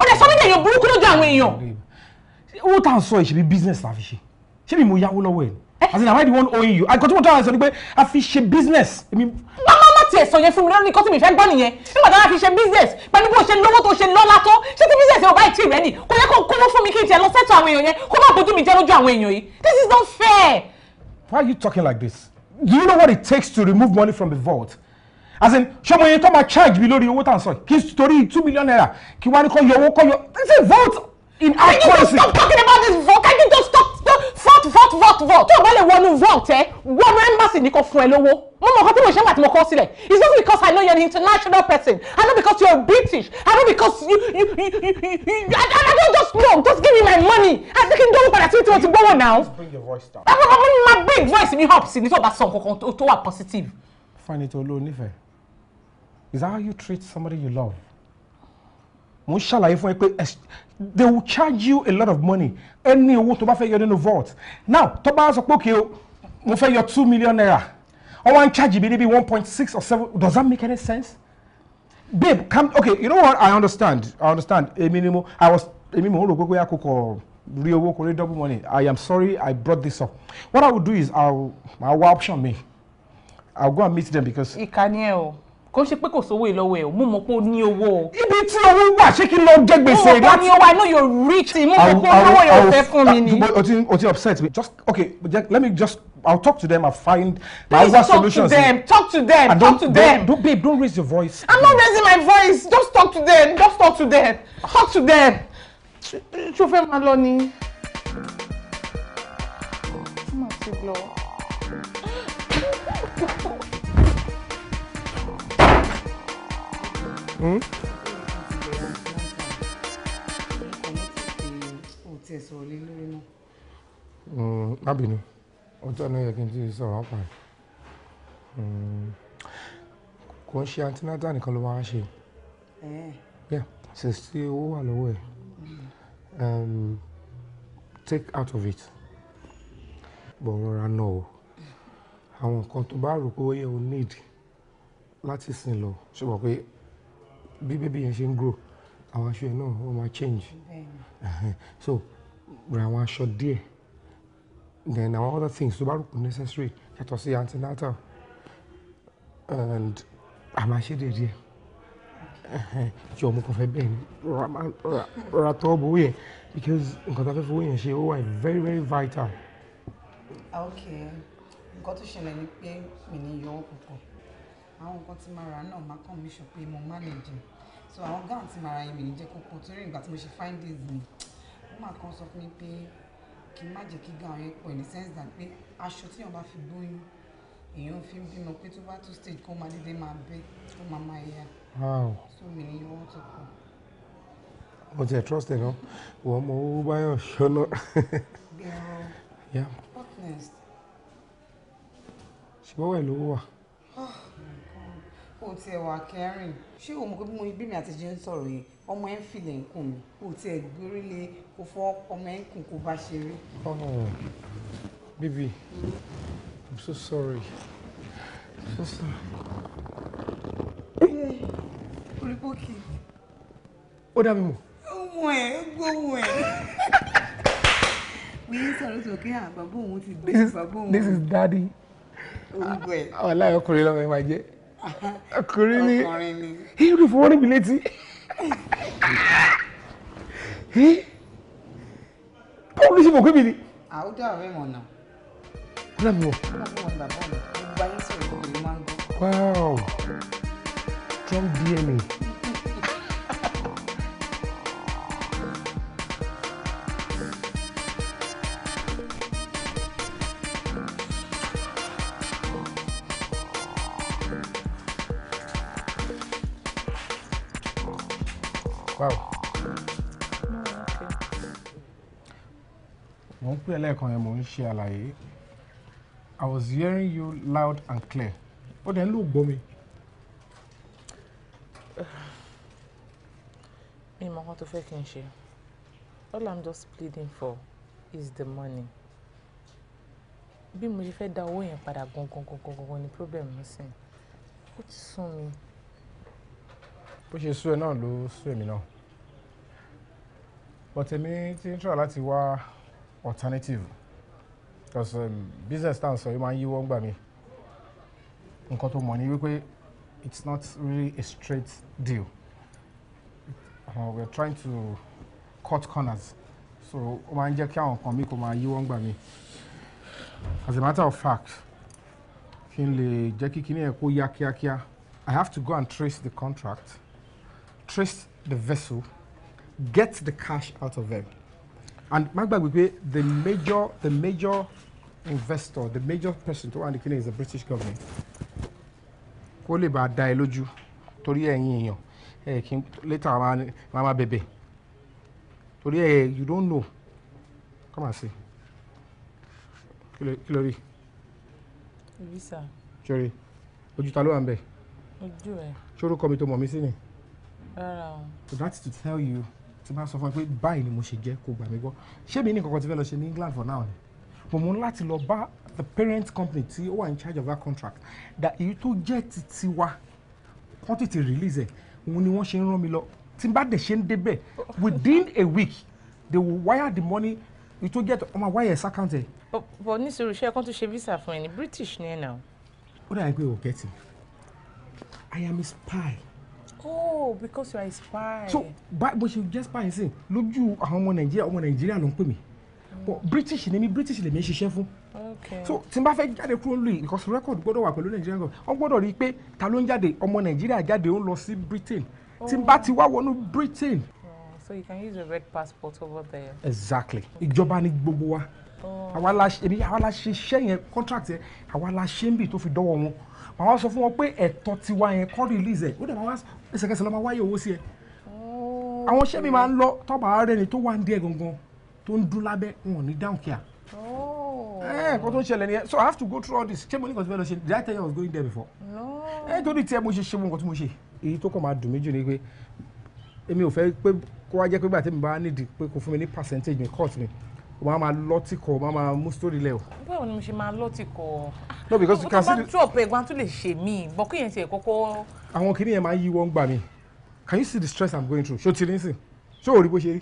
ọ̀dẹ̀ sọ nílẹ̀ èèyàn burúkú lójú àwọn èèyàn. owó tá à ń sọ ìṣèbí business la fi ṣe ṣé mi mo yáwó lọ́wọ́ ẹ̀ eh? as in am I the one owing you àkọ́tún mo tọ́ àwọn ẹ̀sọ́ ni pé a fi ṣe business. báwo tiẹ̀ sọ yẹn fún mi lórí kọ́tùmí fẹ́ gbọ́ nìyẹn nígbà táwọn fi ṣe business pẹ̀lú bó ṣe lówó tó ṣe lọ́lá tó ṣé tí business yóò bá ì tí rẹ̀ nì kò yẹ kó kówó fún mi kí n tiẹ̀ lọ sẹ́tọ̀ àwọn èèyàn yẹn kó má bójú mi jẹ́ lójú àwọn èèyàn yìí this is not fair. why are you talking like this do you know what it takes to remove money from the vault as in ṣọmọ yẹn tó máa charge mi lórí owó tá à ń sọ kí n torí two million naira kí wọ́n á ní kọ́ yọ owó kọ́ yọ it's a vault stop talking about this vault can you just stop vote vote vote vote tó o bá lè wọnú vote ẹ eh, wọnú embassy ní kò fún ẹ lówó mo mọ̀ nǹkan tí mo ṣe ń gbà tí mo kọ́ sílẹ̀ it's not because I know you're an international person I know because you're British I know because you you you you, you I, I don't just know just give me my money àti kí n dọ́wọ́ padà sí tí mo ti gbọ́wọ́ náà. just bring your voice down. ẹ fọwọ́ mo ní máa bring voice mi up sí ni tó o bá sọ nǹkan kan tó wà positive. fanito olóò nífẹ̀ẹ́ is that how you treat somebody you love mo ń ṣàlàyé fún ẹ pé they will charge you a lot of money ẹni owó tó bá fẹ́ yọ nínú vault now tó bá sọ pé òkè o mo fẹ́ yọ two million naira wọ́n wá ń charge mi níbi one point six or seven does that make any sense babe come okay you know what i understand i understand èmi ni mo i was èmi mo ń rò pé pé àkókò rí owó kò rí double money i am sorry i brought this up what i will do is i will ma wá option me. i will go and meet them because. ìkànnì ẹ o kò ṣe pé kò sówó ìlọ́wọ́ ẹ̀ mú mọ̀ pé ó ní owó o. ibi tí owó wà ṣé kí ló jẹ gbèsè láti. owó ni owó i know you're rich mú mọ̀ pé owó yóò fẹ́ fún mi ni. o ti o ti upset me just okay let me just I'll talk to them. I'll find my Please talk solutions. to them. Talk to them. And talk to them. Don't, babe, don't raise your voice. I'm not raising my voice. Just talk to them. Just talk to them. Talk to them. Ṣó fẹ́ máa lọ ni. Come on, Siglo. Hmm? hmm? má bínú ọjọ́ náà yẹ kí n ti sọ̀rọ̀ ọ̀pá ẹ̀ hmm, kò ń ṣe antinata nìkan ló máa ń ṣe eh. yeah since tí owó wà lọ́wọ́ ẹ̀ um, take out of it bọ̀ rọra nà o àwọn nǹkan tó bá rò pé ó yẹ o need láti sìn lọ ṣùgbọ́n pé bí bébí yẹn ṣe ń grow àwọn aṣọ yẹn náà wọ́n máa change [LAUGHS] so ra àwọn aṣọ díẹ̀ then àwọn other things tó bá rò necessary yàtọ̀ sí antenatal and àmàṣe díẹ̀ jọ mo kàn fẹ́ bẹ́ẹ̀ ni rọra tọ́ bó yẹ because nǹkan tó fẹ́ fowó yẹn ṣe ó wà very very vital. Ah, ok nǹkan tó ṣẹlẹ̀ ni pé mi ní yọ ọ́ púpọ̀ àwọn nǹkan tí màá rà náà máa kàn mí sure pé mo manage so àwọn gown tí màá rà yẹn mi ní jẹ́ kó pọ̀ torí ìgbà tí mo ṣe find days ni wọ́n máa kàn sọ fún mi pé kí n má jẹ́ kí gown yẹn pọ̀ in the sense that pé aṣọ tí èèyàn bá fi gbóyún èèyàn fi ń bímọ pé tó bá tó stage kó máa dédé máa bẹ́ kó máa máa yá so mi ní owó tó pọ̀. mo ti ẹ̀ trust ẹ̀ gan wọ́n mọ owó báyọ̀ ṣọ́nà. Yeah. What next? She won't know kò tiẹ̀ wà kẹrin ṣé o mọ̀ pé mo bí mi àti jí ń sọ̀rọ̀ yìí ọmọ ẹ̀ ń filẹ̀ ń kùn mi kò tiẹ̀ gbórí lé kò fọ ọmọ ẹ̀ ń kùn kò bá ṣe rí. Oh, baby i'm so sorry i'm so sorry. orí pọ́kì. ó dá mi mọ̀. ohun ẹ̀ gbóhùn ẹ̀ mi ń sọ̀rọ̀ sókè àbábọ̀ òun ti gbé bàbá òun. this is daddy. ogun ẹ̀. àwọn aláìọkùnrin lọ́mọ ẹ̀ máa jẹ́ ọkùnrin ni irú fọwọ́ níbi létí báwo ló ṣe mọ̀ pé mi ni. àwùjọ ọ̀rẹ́ mọ̀ náà. kúlẹ̀ mi wọ̀. wow strong DNA. Wow. Mo ń pè ẹ́ lẹ́ẹ̀kan yẹn, mo ń ṣe àlàyé. I was hearing you loud and clear. Ó dẹ̀ ń lò gbọ́ mi. Mi mọ̀ nǹkan tó fẹ́ kí n ṣe. All I'm just pleading for is the money. Bí mo ṣe fẹ́ dá owó yẹn padà gangan gangan gangan ni problem mi sìn. Ó ti sún mi bó ṣe sú ẹ náà ló sú èmi náà but èmi ti ń try láti wá alternative because um, business tá à ń sọ yìí máa ń yíwọ́ gbà mí nǹkan tó mọ̀ ni wípé it's not really a straight deal uh, we're trying to cut corners so ó máa ń jẹ́ kí àwọn nǹkan mi kò máa yíwọ́ gbà mí as a matter of fact kí n lè jẹ́ kí kinní ẹ̀ kó yá kíákíá I have to go and trace the contract trace the vessel get the cash out of them and má gbàgbé pé the major the major investor the major person to wà ní kíni is the British government kó lè bá a dá ẹ lójú torí ẹ̀yin èèyàn ẹ kí n later máa máa bẹ̀bẹ̀ torí ẹ you don't know come and see kí ló rí. visa. sori ojú ta ló wà ń bẹ. ojú ẹ. ṣé mi tó mọ̀ mí sí ni rárá o. so that's to tell you tí máa sọ fún ẹ pé báyìí ni mo ṣe jẹ́ kó gbà mí gbọ́ ṣé mi ní nǹkan ti fẹ́ lọ ṣe ní England for now ni mo mú láti lọ bá the parent company tí ó wà in charge of that contract that èyí tó jẹ́ ti tiwa wọ́n tètè release ẹ̀ òun ni wọ́n ṣe ń rán mi lọ tí n bá dẹ̀ ṣe ń débẹ̀ within a week they will wire the money èyí tó jẹ́ ọmọ wire ẹ̀ sákàǹtì ẹ̀. bọ̀ nítorí iṣẹ́ kan tó ṣe visa fún ẹ ní British ní ẹ̀ náà. ó dàbí pé o get it I am a spy oh because you are a spy. so but bó ṣe jẹ́ spy look you àwọn from Nigeria, ọmọ nàìjíríà ló ń pè me. but british let me british let me ń ṣiṣẹ́ Okay. so tí n bá fẹ́ jáde because record gbọ́dọ̀ wa pẹ̀lú Nigeria go. wọ́n gbọ́dọ̀ rí i pé ta ló ń jáde ọmọ nàìjíríà jáde ó ń britain tí n bá ti wá wọnú britain. Oh, so you can use your red passport over there. exactly ìjọba ni gbogbo wa oh. àwa la ṣe iṣẹ́ yẹn contract yẹn àwa la ṣe ń bì tó fi dọ́wọ́ wọn màá wá sọ fún wọn pé ẹ̀tọ́ tiwa yẹn kọ́ release ẹ̀ ó dẹ̀ máa wá ẹsẹ̀kẹsẹ̀ lọ́ọ́ máa wáyé owó sí ẹ. Oh. àwọn iṣẹ́ mi máa ń lọ tọ́ba ara ẹni tó wà ń díẹ̀ gangan tó ń dún lábẹ́ wọn ò ní dáhùn kíá. Oh. nǹkan tó ń ṣẹlẹ̀ nìyẹn so I have to go through all this ṣé mo ní nǹkan tí mo lọ ṣe did I tell you I was going there before. ẹ torí tiẹ̀ mo ṣe ṣe mo nǹkan tí mo ṣe. èyí tó kàn máa dùn mí jù ni pé èmi ò fẹ́ pé kó wá jẹ́ pé gbà tẹ́mi bá nídìí pé kó fún mi ní percentage mi cut mi o máa máa lọ́tìkọ̀ o máa máa mú sórí lẹ̀ báwo ni mo ṣe máa lọ́tìkọ̀. no because you can see. o tó bá drop ẹ̀gbọ́n tó lè ṣe mí bọ́ kí yẹn ti ẹ̀ kọ́kọ́. àwọn kìnìún yẹn máa ń yí wọ́n gbà mí can you see the stress i'm going through ṣó ti rí sìn ṣó o rí bó ṣe rí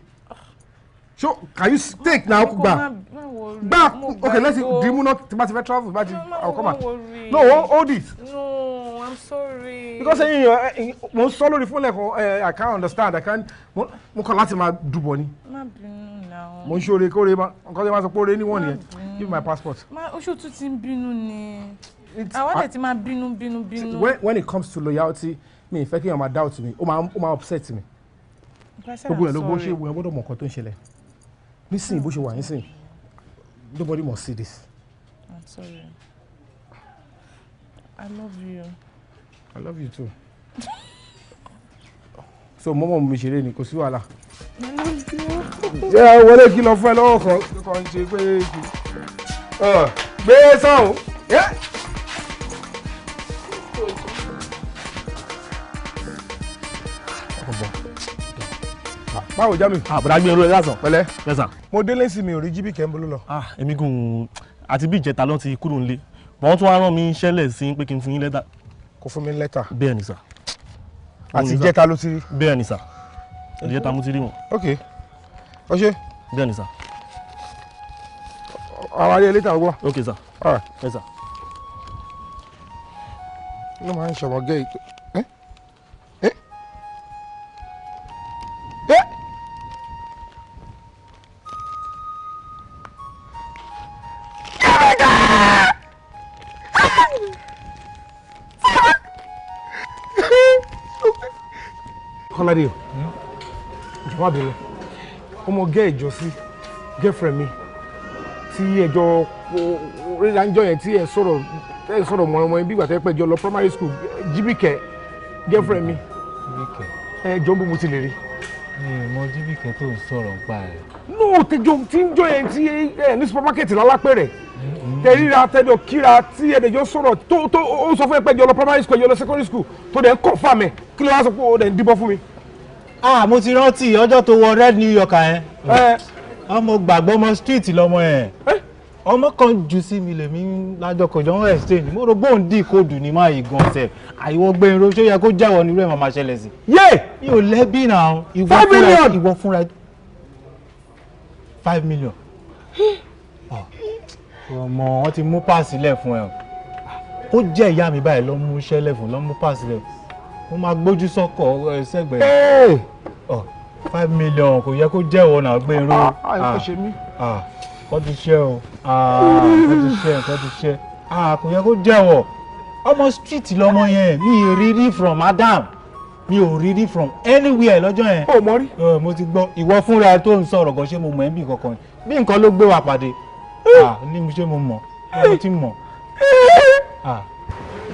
ṣó can you take na gbà gbà okay let's dìímú náà tí bá ti fẹ́ travel bá ti i'll come no hold it. no I'm sorry. because ẹyin eh, yàn eh, eh, mo ń sọ lórí fúnlẹ̀ kan I can't understand I can't mo kàn láti máa dùbọ̀ ni. má bínú náà. mo ń ṣoore kóore nǹkan tí wọ́n sọ pé oore níwọ̀n nìyẹn give my passport. oṣù tún ti ń bínú ni àwọn tẹ̀ ti máa bínú bínú bínú. when it comes to loyalty mi ìfẹ́ kí èèyàn máa doubt mi ó máa upset mi. gbogbo ẹ̀ ló bó ṣe wọ ẹ gbọ́dọ̀ mọ̀ nǹkan tó ń ṣẹlẹ̀ nísìnyí bó ṣe wà nísìnyí nobody must see this. I'm sorry. I love you. I love you too. [LAUGHS] so mọ́mọ́ mi ṣeré ni kò sí wàhálà. ṣé wọlé kí lọ fún ẹ lọ́wọ́ kan kan ṣe pé gbé e sọ̀hún. báwo jámi. àbúrò agbẹ́rù ah, e ẹ̀ lásán. pẹ̀lẹ́ lẹ́sàn. mo délé sí mi ò rí jíbì kẹ́ńbó ló lọ. Ah, èmi gùn àti bí ìjẹta ló ti kúrò nílé wọn tún wá rán mi iṣẹ́ lẹ̀ sí pé kí n fún yín lẹ́tà kó fún mi ní lẹ́tà. bẹ́ẹ̀ ni sà. àti ìjẹta ló ti rí. bẹ́ẹ̀ ni sà ìjẹta mo ti rí wọn. ok ọ ṣe. bẹ́ẹ̀ ni sà. àwọn ayé lẹ́tà wọ. ok sà. ẹ sà. ló máa ń ṣọmọ gẹ́ẹ̀ Kọ́ládé o ìjọba bínú ọmọ gẹ́ ìjọsí girlfriend mi tí ẹjọ́ rírà ń jọ yẹn tí ẹ sọ̀rọ̀ ẹ sọ̀rọ̀ mọ̀rọ̀mọ̀ yẹn bí ìgbà tó yẹ pé ẹjọ́ lọ primary school Jíbìkẹ́ girlfriend mi ẹ jọ ń bó mo ti lè rí. mi ò mọ Jíbìkẹ́ tó ń sọ̀rọ̀ ń pa ẹ̀. no tẹjọ tí ń jọ yẹn tí ẹ ní supermarket lálápẹ̀rẹ̀ mm-hmm. tẹ̀ríra tẹ̀dọ̀ kíra tí ẹ̀dẹ̀jọ́ sọ̀rọ̀ tó tó ó sọ fún ẹ pé ẹjọ́ lọ primary school ẹjọ́ lọ secondary school tó dẹ̀ ń kọ̀ fáàmẹ́ kí ló wá sọ pé ó dẹ̀ ń díbọ́ fún mi ah mo ti rántí ọjọ́ tó wọ red new yorker yẹn ọmọ eh, ah, gbàgbọ́ ọmọ street lọmọ yẹn ọmọ kan jù sí mi lèmi lájọ kọjọ wọn exchange mo rò bóun dì kóòdù ní máa ìgbọ̀n sẹ̀ àìwọ gbẹ̀rún ṣó yẹ kó jáwọ́ nírú ẹ̀ máa ṣẹlẹ̀ sí. yé mi ò lẹ́bí náà ìwọ fúnra ìwọ fúnra five million [GASPS] ah. ọmọ wọn ti mú páàsì lẹ̀ fún ẹ o ah, ó jẹ́ ìyá mi báyìí lọ́mú ṣẹlẹ̀ fún lọ́mú páàsì lẹ̀ fún mo máa gbójú sọ́kọ̀ sẹ́gbẹ̀ẹ́ five million kò yẹ kó jẹ́ ìwọ náà gbé irú ah, ah, ah, kọ́ ti ṣe o kọ́ ti ṣe kọ́ ti ṣe kò yẹ kó jẹ́ ìwọ ọmọ street lọmọ yẹn mi ò rí rí from Adam mi ò rí rí from anywhere lọ́jọ́ yẹn. o mọ rí. mo ti gbọ́ ìwọ fúnra tó ń sọ̀rọ̀ gan ṣé mo mọ̀ ẹ́ bí kankan bí nǹkan ló gbé wa pàdé eh! ní ṣé mo mọ̀ ẹ́ mo ti mọ̀. Eh!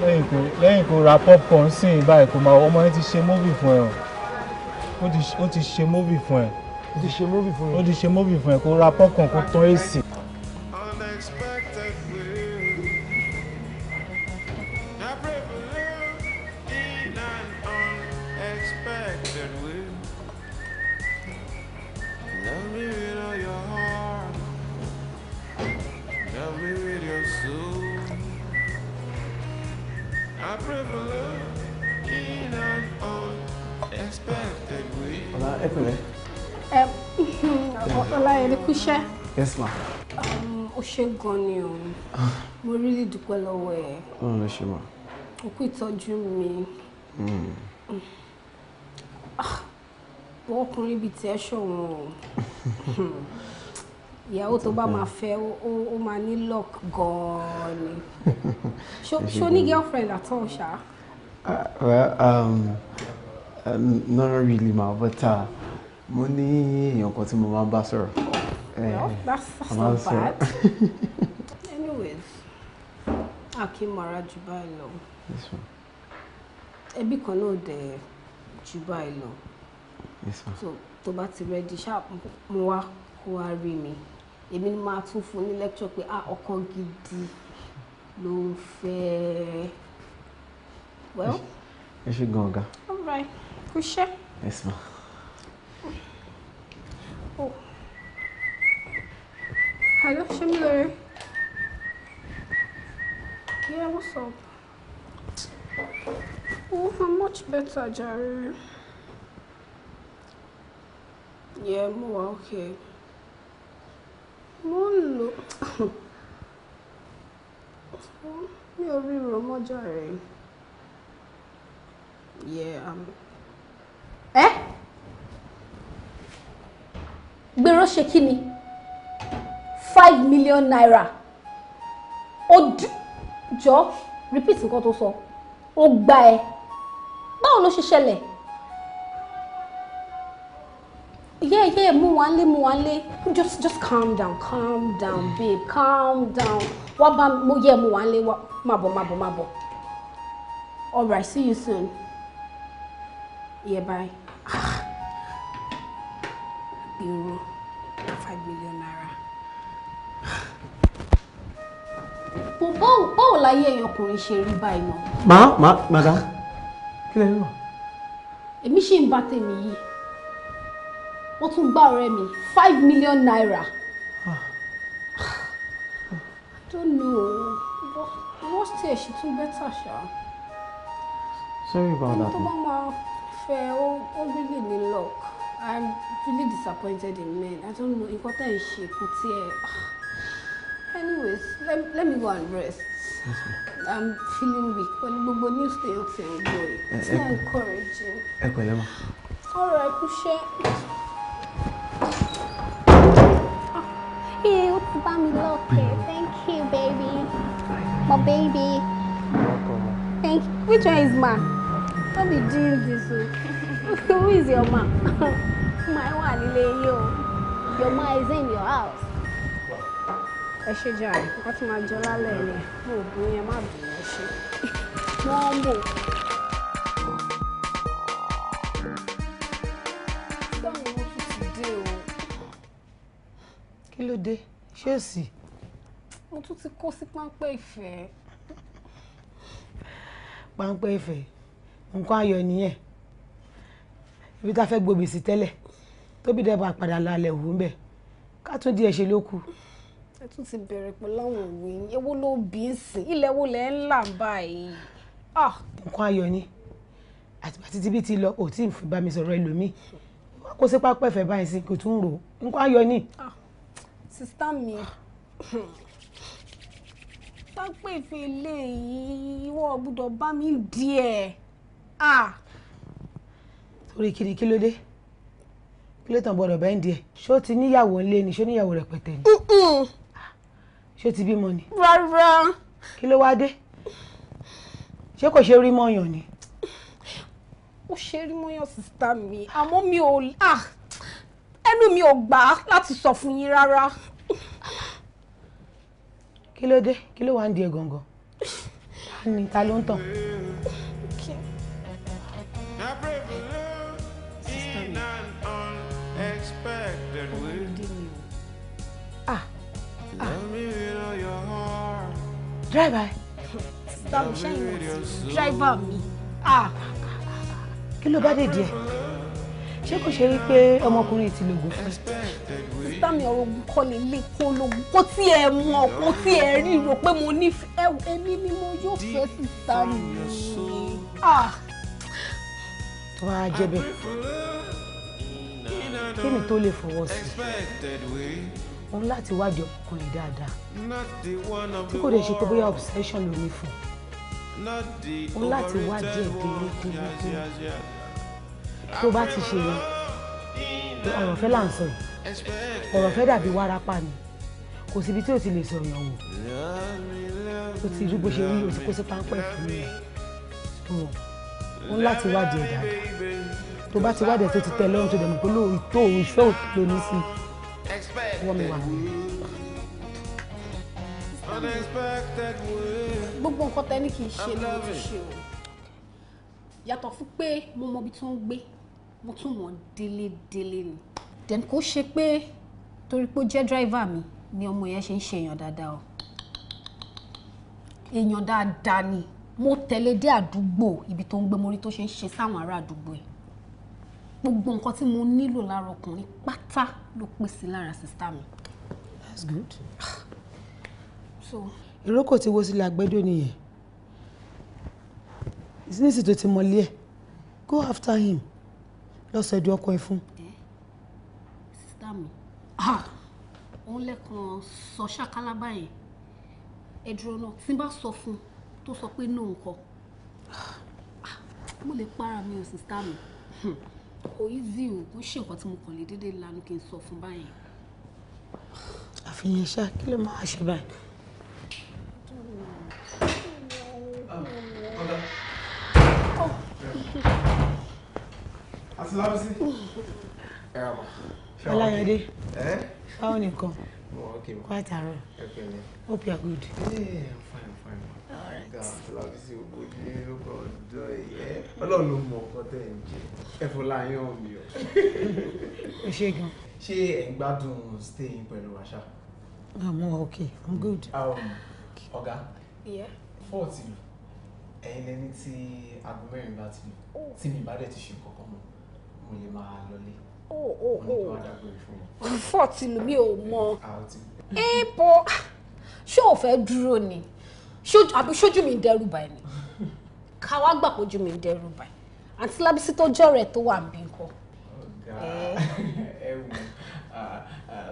lẹ́yìn kó lẹ́yìn kó ra popcorn sí i báyìí kó máa ọmọ yẹn ti ṣe movie fún ẹ o ó ti ṣe movie fún ẹ ó ti ṣe movie fún ẹ kó ra popcorn kó tán èsì. dúpẹ́ lọ́wọ́ ẹ̀. báwo ṣe wà. o ìtọ́jú mi. wọ́n hmm. ah, ọkùnrin bíi tiẹ̀ ṣọ̀wọ́n o. ìyàwó tó bá máa fẹ́ ó máa ní luck gan-an ni. ṣó ní girlfriend at ṣá. Ah, well um, um, not really ma but uh, mo ní èèyàn kan tí mo máa bá sọ̀rọ̀. well eh, that's, that's not bad. [LAUGHS] akin mara jù báyìí lọ ẹbí kan náà dẹ̀ jù báyìí lọ tó bá ti rẹ́dí ṣáà mo wá kó wá rí mi èmi ni máa tún fún ní lẹ́kṣọ̀ pé ah ọkọ gidi ló ń fẹ́ well. ẹ ṣe gan ọ̀gá. all right kò ṣe. yes ma. oh. hello ṣé mi lóore. Yeah, what's up? Oh, I'm much better, Jerry. Yeah, more okay. Mo ń lò mi ò rí Yeah, I'm... Ẹ́ gbèrò ṣe kí ni five million naira. Odu. Oh, jọ repeat nǹkan tó sọ ó gba ẹ báwo ló ṣe ṣẹlẹ̀ yeah yeah mú wa lé mú wa lé just just calm down calm down babe calm down wá bá mo yẹ mú wa lé wá má bọ̀ má bọ̀ má bọ̀ alright see you soon yeah bye ah, irú five million naira. báwo báwo láyé ẹ̀yàn ọkùnrin ṣe rí báyìí náà. màá màá màdá kí lè rọ. èmi ṣì ń bá tèmi yìí wọ́n tún gbá ọ̀rẹ́ mi five million naira. Ah. I don't know but worst case ṣe tún bẹ́tà ṣá. sorry about that. ẹni tó bá máa fẹ́ ó ó really ní luck I'm really disappointed in men I don't know nǹkan tá ẹ̀ ṣe kò tiẹ̀. Ah anyways let, let me go and rest. Yes, I'm feeling weak But gbogbo news stay yọ fi ń gbọ́ It's Tí I encourage you. Ẹ pẹ̀lẹ́ ma. Ọ̀rọ̀ ẹ̀kú you Ee, me ti eh. mm-hmm. Thank you, baby. My baby. Thank you. Which one is ma? No be doing this o. Oh. [LAUGHS] Who is your ma? [LAUGHS] My one, nílé Your ma is in your house ẹ ṣe jàre wọ́n ti máa jọ lálẹ́ ni mo ò bú yẹn má bù ẹ ṣe wọ́n mọ̀. kí ló dé ṣé ò sí. mo tún ti kó sí páńpẹ́ ìfẹ́. páńpẹ́ ìfẹ́ nǹkan ayọ̀ nìyẹn ibi tá a fẹ́ gbòbì sí tẹ́lẹ̀ tóbi dẹ́ bá padà lálẹ́ òun bẹ́ẹ̀ ká tún díẹ̀ ṣe ló ẹ tún ti bẹ̀rẹ̀ pẹ̀lú àwọn òwe yín ewo ló bí ń sìn ilẹ̀ wo lẹ̀ ń là ń báyìí. Ah! nǹkan ayọ̀ ni àtìgbà títí bí ti lọ ò tí ì fi bá mi sọ̀rọ̀ ẹlòmíì kó sí pápẹ́ fẹ́ báyìí sí kò tún rò nǹkan ayọ̀ ni. Ah! sista mi tápẹ́ ìfẹ́ ilé yìí wọ́n gbọ́dọ̀ bá mi díẹ̀. Ah! torí kiri kí ló dé kí ló tàn gbọ́dọ̀ bẹ́ẹ̀ ń díẹ̀ ṣó ti níyàwó ńlé ni ṣó níyàwó rẹpẹtẹ ni ṣé o ti bímọ ni. rárá. kí ló wáá dé ṣé kò ṣe rí mọ́yàn ni. ó ṣe rí mọ́yàn sísítà mi àmọ́ mi ò ẹnu mi ò gbà láti sọ fún yín rárá. kí ló dé kí ló wá ń di ẹ gangan ta ló ń tàn. Driver, stop báwo ṣẹ́yìn dírẹ́bà mi. kí ló bá dé díẹ̀ ṣé kò ṣe rí pé ọmọkùnrin ti lògùn fún. sísá mi ọ̀rọ̀ ogun kọ́ lè lè kó lògùn kó tí ẹ mọ̀ kó tí ẹ rí rò pé mo nífẹ̀ẹ́ èmi ni mo yóò fẹ́ sísá mi. Ah. tó bá jẹ́ bẹ́ẹ̀ kí ni tó lè fọwọ́ sí òun láti wádìí ọkùnrin dáadáa tí kò lè ṣe pé bóyá obsession ló ní fún òun láti wádìí ẹ̀dínlẹ̀ dínlẹ̀ tó bá ti ṣe yẹn ọ̀rọ̀ fẹ́ là sọ ọ̀rọ̀ fẹ́ dàbí wárápá ni kò síbi tí o ti lè sọ wò o ti rí bó ṣe rí o ti kó sí páńpẹ́ fún mi o láti wádìí ẹ̀ tó bá ti wádìí ẹ̀ tó ti tẹ̀ lọ́rùn tó dẹ̀ mọ̀ pé lóòótọ́ òun ìfẹ́ ló ní sí i wọ́n mi wà. gbogbo nǹkan tẹ́ ní kì í ṣe ni mo ti ṣe o yàtọ̀ fún pé mo mọ ibi tí ń gbé mo tún mọ̀ délédélé ni then kò ṣe pé torí pé ó jẹ́ driver mi ni ọmọ yẹn ṣe ń ṣe èèyàn dáadáa o èèyàn dáadáa ni mo tẹ̀lé dé àdúgbò ibi tó ń gbé mo rí tó ṣe ń ṣe sáwọn ará àdúgbò yìí gbogbo nǹkan tí mo nílò lára ọkùnrin pátá ló pè lára sista mi. that's good. so. ìrókò tí wo sílẹ̀ àgbẹ́jọ́ nìyẹn nísìsiyìí tó ti mọ̀lé ẹ̀ go after him lọ́sọ̀ ẹ̀dùn ọkọ ẹ̀ fún. sista mi òun lẹ́kan sọ ṣàkálà báyìí ẹ̀dùn ọ̀nà tí n bá sọ fún tó sọ pé no nǹkan ah, mo lè para mi ò sista mi. Hmm kò í zi o kò ṣe nǹkan tí mo kàn lè dédé lanu kí n sọ fún báyìí. àfihàn ṣá kí ló máa ṣe báyìí. asilamisi. ọláyọdé báwo nìkan wàá tààrọ hope you are good. Yeah ọlọ́fíìsì ògbóni lórúkọ ọjọ́ ìyẹ́ ọlọ́run ló mọ ọkọ tẹ̀ ń jẹ ẹ̀fọ́ ah, okay i'm good. Ah, um, ọ̀gá fọ́ọ̀tì lù ẹ̀yin lẹni tí aago mẹ́rin bá ti lù tí mi bá dẹ̀ ti ṣe kọ̀ọ̀kan mọ́ mo lè máa lọlé oh, oh, mo ní kí oh. wọ́n dágbére fún mi. fọ́ọ̀tì lù mi ò mọ. èèpo ah, ṣé o fẹ́ dúró ni àbí ṣojú mi ń dẹ́rù bá ẹni ká wá gbà pójú mi ń dẹ́rù bá ẹ àǹtí lábísí tó jẹ́ ọ̀rẹ́ tó wà ń bí nǹkan. [LAUGHS] ẹ wò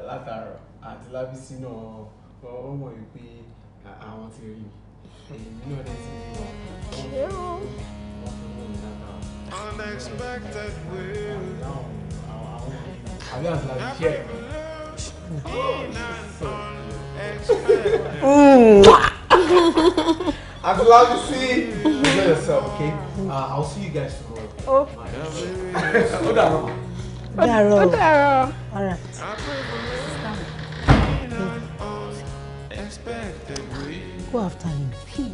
látàárọ̀ àǹtí lábísí náà wọ́n mọ̀ pé àwọn ti rí mi èmi náà dẹ̀ ti rí Àbí àǹtí lábísí ẹ̀. I love to see. Enjoy yourself, okay? Uh, I'll see you guys tomorrow. Oh. Ó dàárọ̀. Ó dàárọ̀. All right. Go after him.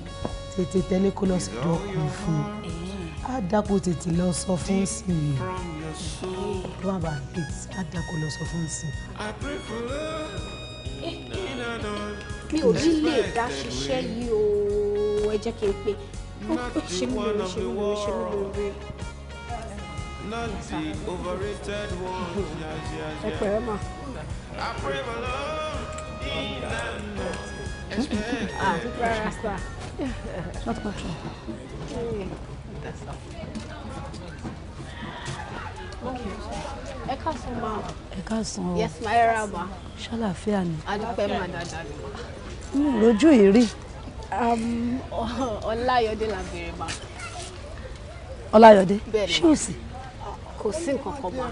Tètè tẹ́lẹ̀ kó lọ sí dọ́kùn fún un. Á dápò tètè lọ sọ fún sí i. Lọ́wọ́ bá a dàpò lọ sọ fún sí i mi ò ní lè dá ṣiṣẹ́ yìí o ẹ jẹ́ kí n pé ó ṣe mí lóore ṣe mí lóore ṣe mí lóore. Not the overrated ones. Yeah, yeah, yeah. Ẹ pẹ̀lẹ́ mà. I pray my love in that night. Ah, super rasta. Not much. That's all ẹ káàsán ma. ẹ káàsán o. yes ma ẹ ra ma. ṣàlàfíà ni. adúpẹ́ mà dáadáa ni. Hmm, mi ò rojú yìí rí. Um, [LAUGHS] ọláyọdé la béèrè ma. ọláyọdé ṣé o sì. kò sí nǹkan kan ma.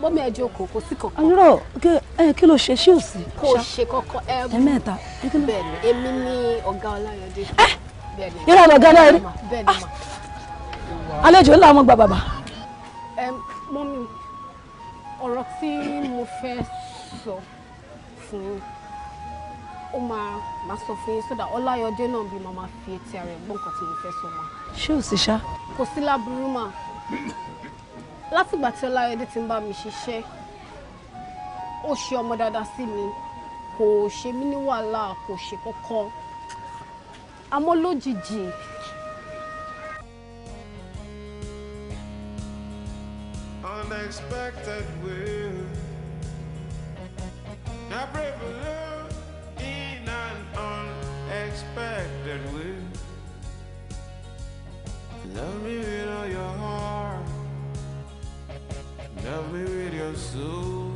mọ́mí ẹjọ́ kò kò sí kankan. àyúrò kí ló ṣe ṣé o sì. kò ṣe kankan ẹ mú. ẹ̀mẹ́ta. bẹ́ẹ̀ni èmi ni ọ̀gá ọláyọdé. ẹ yọrọ ọ̀gá ọláyọdé. bẹ́ẹ̀ni ma. Ah! àlejò ńlá ọmọ gba bàbá. ẹ mọ́mí ọ̀rọ̀ tí mo fẹ́ sọ fún yín ó máa máa sọ fún yín sódà ọláyọdé náà bí màmá fi etí ara ẹ̀ gbọ́ nǹkan tí mo fẹ́ sọ ma. ṣé ò sí ṣá. kò sí láburú mà látìgbà tí ọláyọdé ti ń bá mi ṣiṣẹ́ ó ṣe ọmọ dáadáa sí mi kò ṣe mí ní wàhálà kò ṣe kọ́kọ́ àmọ́ lójijì unexpected way. I pray for love in an unexpected way. Love me with all your heart. Love me with your soul.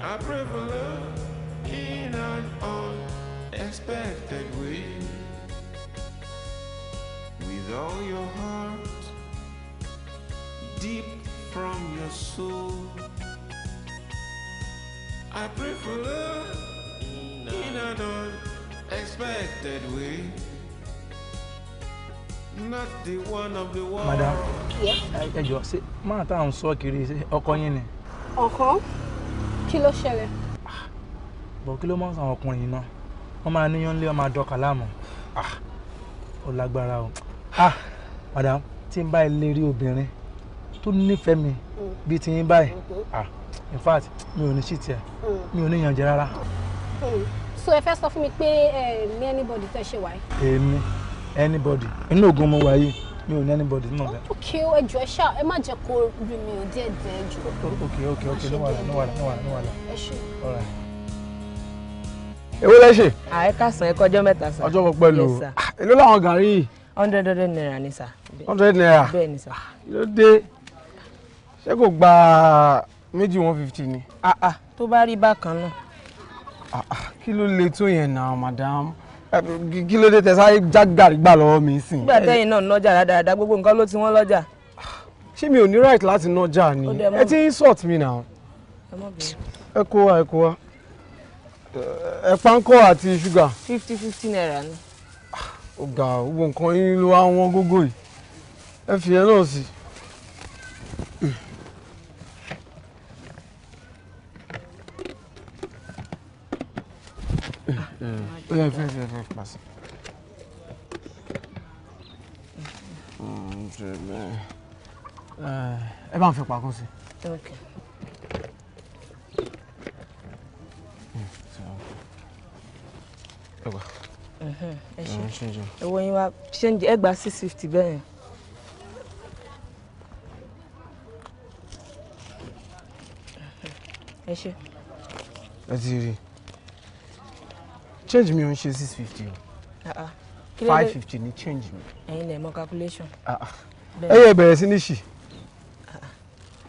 I pray for love in an unexpected way. With all your heart. deep from your soul. I pray for love in an unexpected way. Not the one of the world. Madam, ẹ jọ̀ọ́ ṣé máa tá à ń sọ kiri ṣe ọkọ yín ni. Ọ̀kan kí ló ṣẹlẹ̀? Bọ̀ kí ló máa ń sọ àwọn ọkùnrin yìí náà? Wọ́n máa níyàn lé ọmọ àdọ́kà Madam, tí n bá ilé rí tó nífẹ̀ẹ́ mi mm. bíi ti yín báyìí ah in fact mi ò ní ṣì tiẹ̀ mm. mi ò ní yànjẹ rárá. Mm. so ẹ fẹ́ sọ fún mi pé ẹ ní anybody tẹ́ ṣe wáyé. èmi anybody inú ògùn mo wà yìí mi ò ní anybody nínú ọ̀gá. ok o ẹ jọ ẹ ṣá ẹ má jẹ kó rí mi ò díẹ̀ díẹ̀ jù. ok ok ok ní wàhálà ní wàhálà ní wàhálà ní wàhálà. ẹ ṣe. èwo lẹ ṣe. àyíká sàn ẹ kọjọ mẹ́ta sàn. ọjọ́ pọ̀ pẹ̀lú ah, èló làwọn gàrí yìí. hundred hundred naira ni sà. hundred naira. bẹ́ẹ̀ ni sà. Ah, kí ló dé ṣé kò gba méjì one fifty ni. Ah, ah, tó bá rí bákan náà. Ah, kí ló le tó yẹn náà madam eh, kí ló dé tẹ̀sán jágàrí gbà lọ́wọ́ mi sìn. nígbà tẹ́yìn náà nọ́jà dáadáa gbogbo nǹkan ló ti wọ́n lọ́jà. ṣé mi ò ní right láti nọ́jà ni ẹ ti insult mi náà. ẹ kó wa ẹ kó wa eh, ẹ pánkọ́ àti ṣúgà. fifty fifty naira ni. ó ga gbogbo nǹkan yín ló wá wọn gógó yìí ẹ fi ẹ náà sí ó yẹ fẹ́ fẹ́ fẹ́ pàṣẹ. ẹ bá ń fi pàkún sí. ẹ ṣe ẹ wọ yín wá ṣéǹjì ẹ gba six fifty bẹ́ẹ̀ yẹn. ẹ ṣe. ẹ ti rí i change me on ń ṣe six fifty o ah, ah. ni change me. ẹ̀yin lè mọ calculation. Ah, ẹ yẹ bẹ̀rẹ̀ sí ní ṣì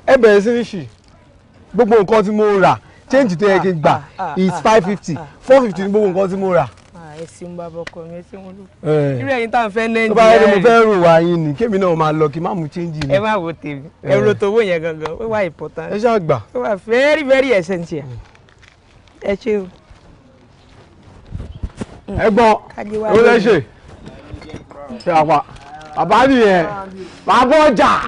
ẹ bẹ̀rẹ̀ sí ní ṣì gbogbo nǹkan tí mo rà change tó yẹ kí n gbà is 550. fifty four fifty ni gbogbo nǹkan tí mo rà ẹsìn bá bọkọ mi ẹsìn wọn ló. irú ẹyin tá à ń fẹ́ nàìjíríà rẹ. tó bá yẹ mo fẹ́ rò wá yín ni kémi náà máa lọ kí n má mú chẹ́ńjì mi. ẹ má wo tèmi ẹrọ tó wò yẹn gangan ó wà important. ẹ ṣáà gbà. ó wà very very essential. Mm. ẹ ṣe o ẹ̀gbọ́n ló lè ṣe ṣe àpá bàbá nìyẹn bàbá ọjà. [LAUGHS]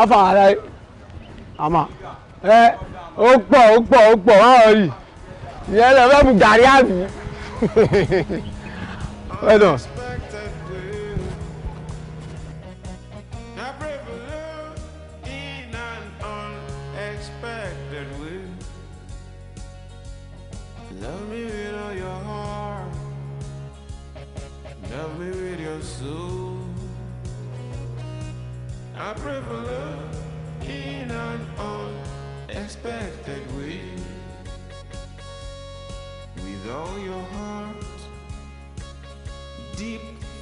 afa ara ẹ àmà ẹ ó pọ̀ ó pọ̀ ó pọ̀ wọ́n rí ìyẹn lè fẹ́ bu gàrí àbí. [LAUGHS]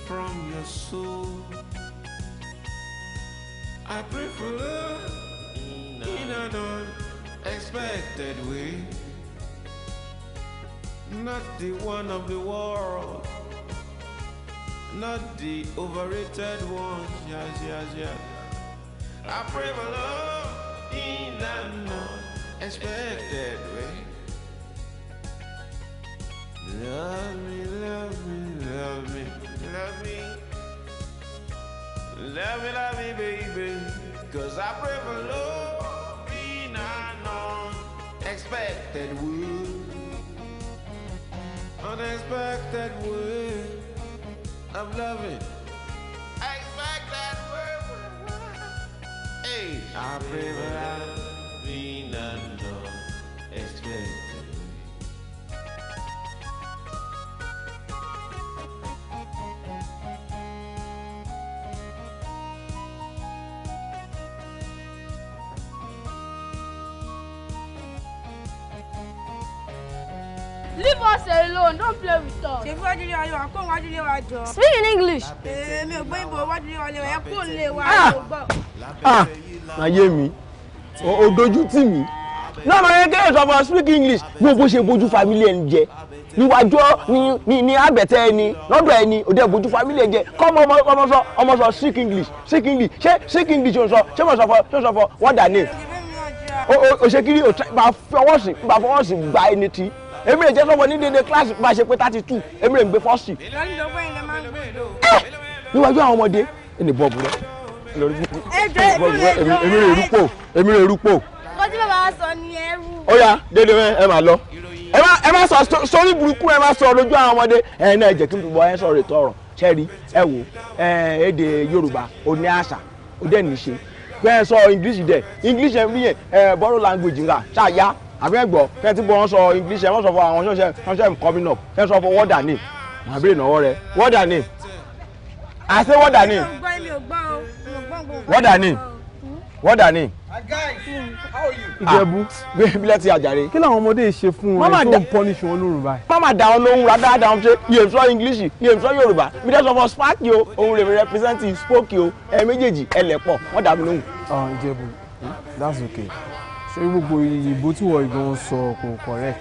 from your soul. I pray for love in an unexpected way. Not the one of the world, not the overrated one. Yes, yes, yes. I pray for love in an unexpected way. Love me, love me, love me, love me. Love me, love me, baby. Cause I pray for love being unexpected would. Unexpected would of loving. Expected would. Hey, I pray for unknown, being us alone. Don't play with us. Ṣé fún Wájúlé wa yóò wá kó Wájúlé wa jọ? Speak in English. Èmi eh, ò gbé ìbò Wájúlé wa lè wá kó lè wá àgbọ̀. Ah! Nàyé ah! mi, o dojú tì mí. Náà máa yẹ kéèyàn sọ fún ọ speak English bí o bó ṣe bójú family ẹni jẹ. Níwájú ni ni àbẹ̀tẹ̀ ẹni lọ́dọ̀ ẹni òde ìbójú family ẹni jẹ. Kọ́ ọmọ ọmọ sọ ọmọ sọ speak English speak English ṣé speak English ò sọ ṣé mo sọ fọ ṣé mo sọ fọ wọ́dà name. O ṣe kiri o ṣe máa fọwọ́ sí gbà ẹni tí èmi rẹ̀ jẹ́ sọ́wọ́ ní dédé kíláàsì bá a ṣe pé thirty two èmi rẹ̀ ń gbé fọ́ọ̀sì. níwájú àwọn ọmọdé ẹni bọ́ọ̀bù rẹ èmi rẹ̀ rúpò èmi rẹ̀ rúpò. nǹkan tí bàbá wa sọ ni ẹrú. ó yá dédé ẹ máa lọ ẹ má sọ sórí burúkú ẹ má sọ lójú àwọn ọmọdé ẹ náà jẹ́ kí n bọ ẹ sọ̀rọ̀ ètò ọ̀rọ̀ ṣẹrí ẹ wò ẹ èdè Yorùbá òní àṣà òdẹ nìṣe pé ẹ sọ English dẹ English ẹ rí yẹn borrow language nga ṣáà yá àbí ẹ̀gbọ́ kẹ́ ti bọ́ wọn sọ english ẹ̀ wọ́n sọ fún àwọn ṣọ́ọ̀ṣẹ́ ṣọ́ọ̀ṣẹ́ coming up kẹ́ sọ fún what their name màá béèrè ìnáwó rẹ what their name I say what their name what their name what their name. ìjẹ̀bú ah, bílẹ̀ ti àjàre. kí làwọn ọmọdé ṣe fún ẹ tó ń pọ́nish wọn lóru báyìí. mama da ọ lóhùn rádá dáhùn ṣe yèm sọ english yèm sọ yorùbá bí dẹ́sọ̀ fọ sparky o òun rèmi representing spoke o ẹ méjèèjì ẹ lẹ̀ pọ̀ wọ́n dàbí lóhùn. ọ̀ ah, ìjẹ̀bú that's okay ṣé gbogbo ìyìnbó tí wọ́n gan sọ kò correct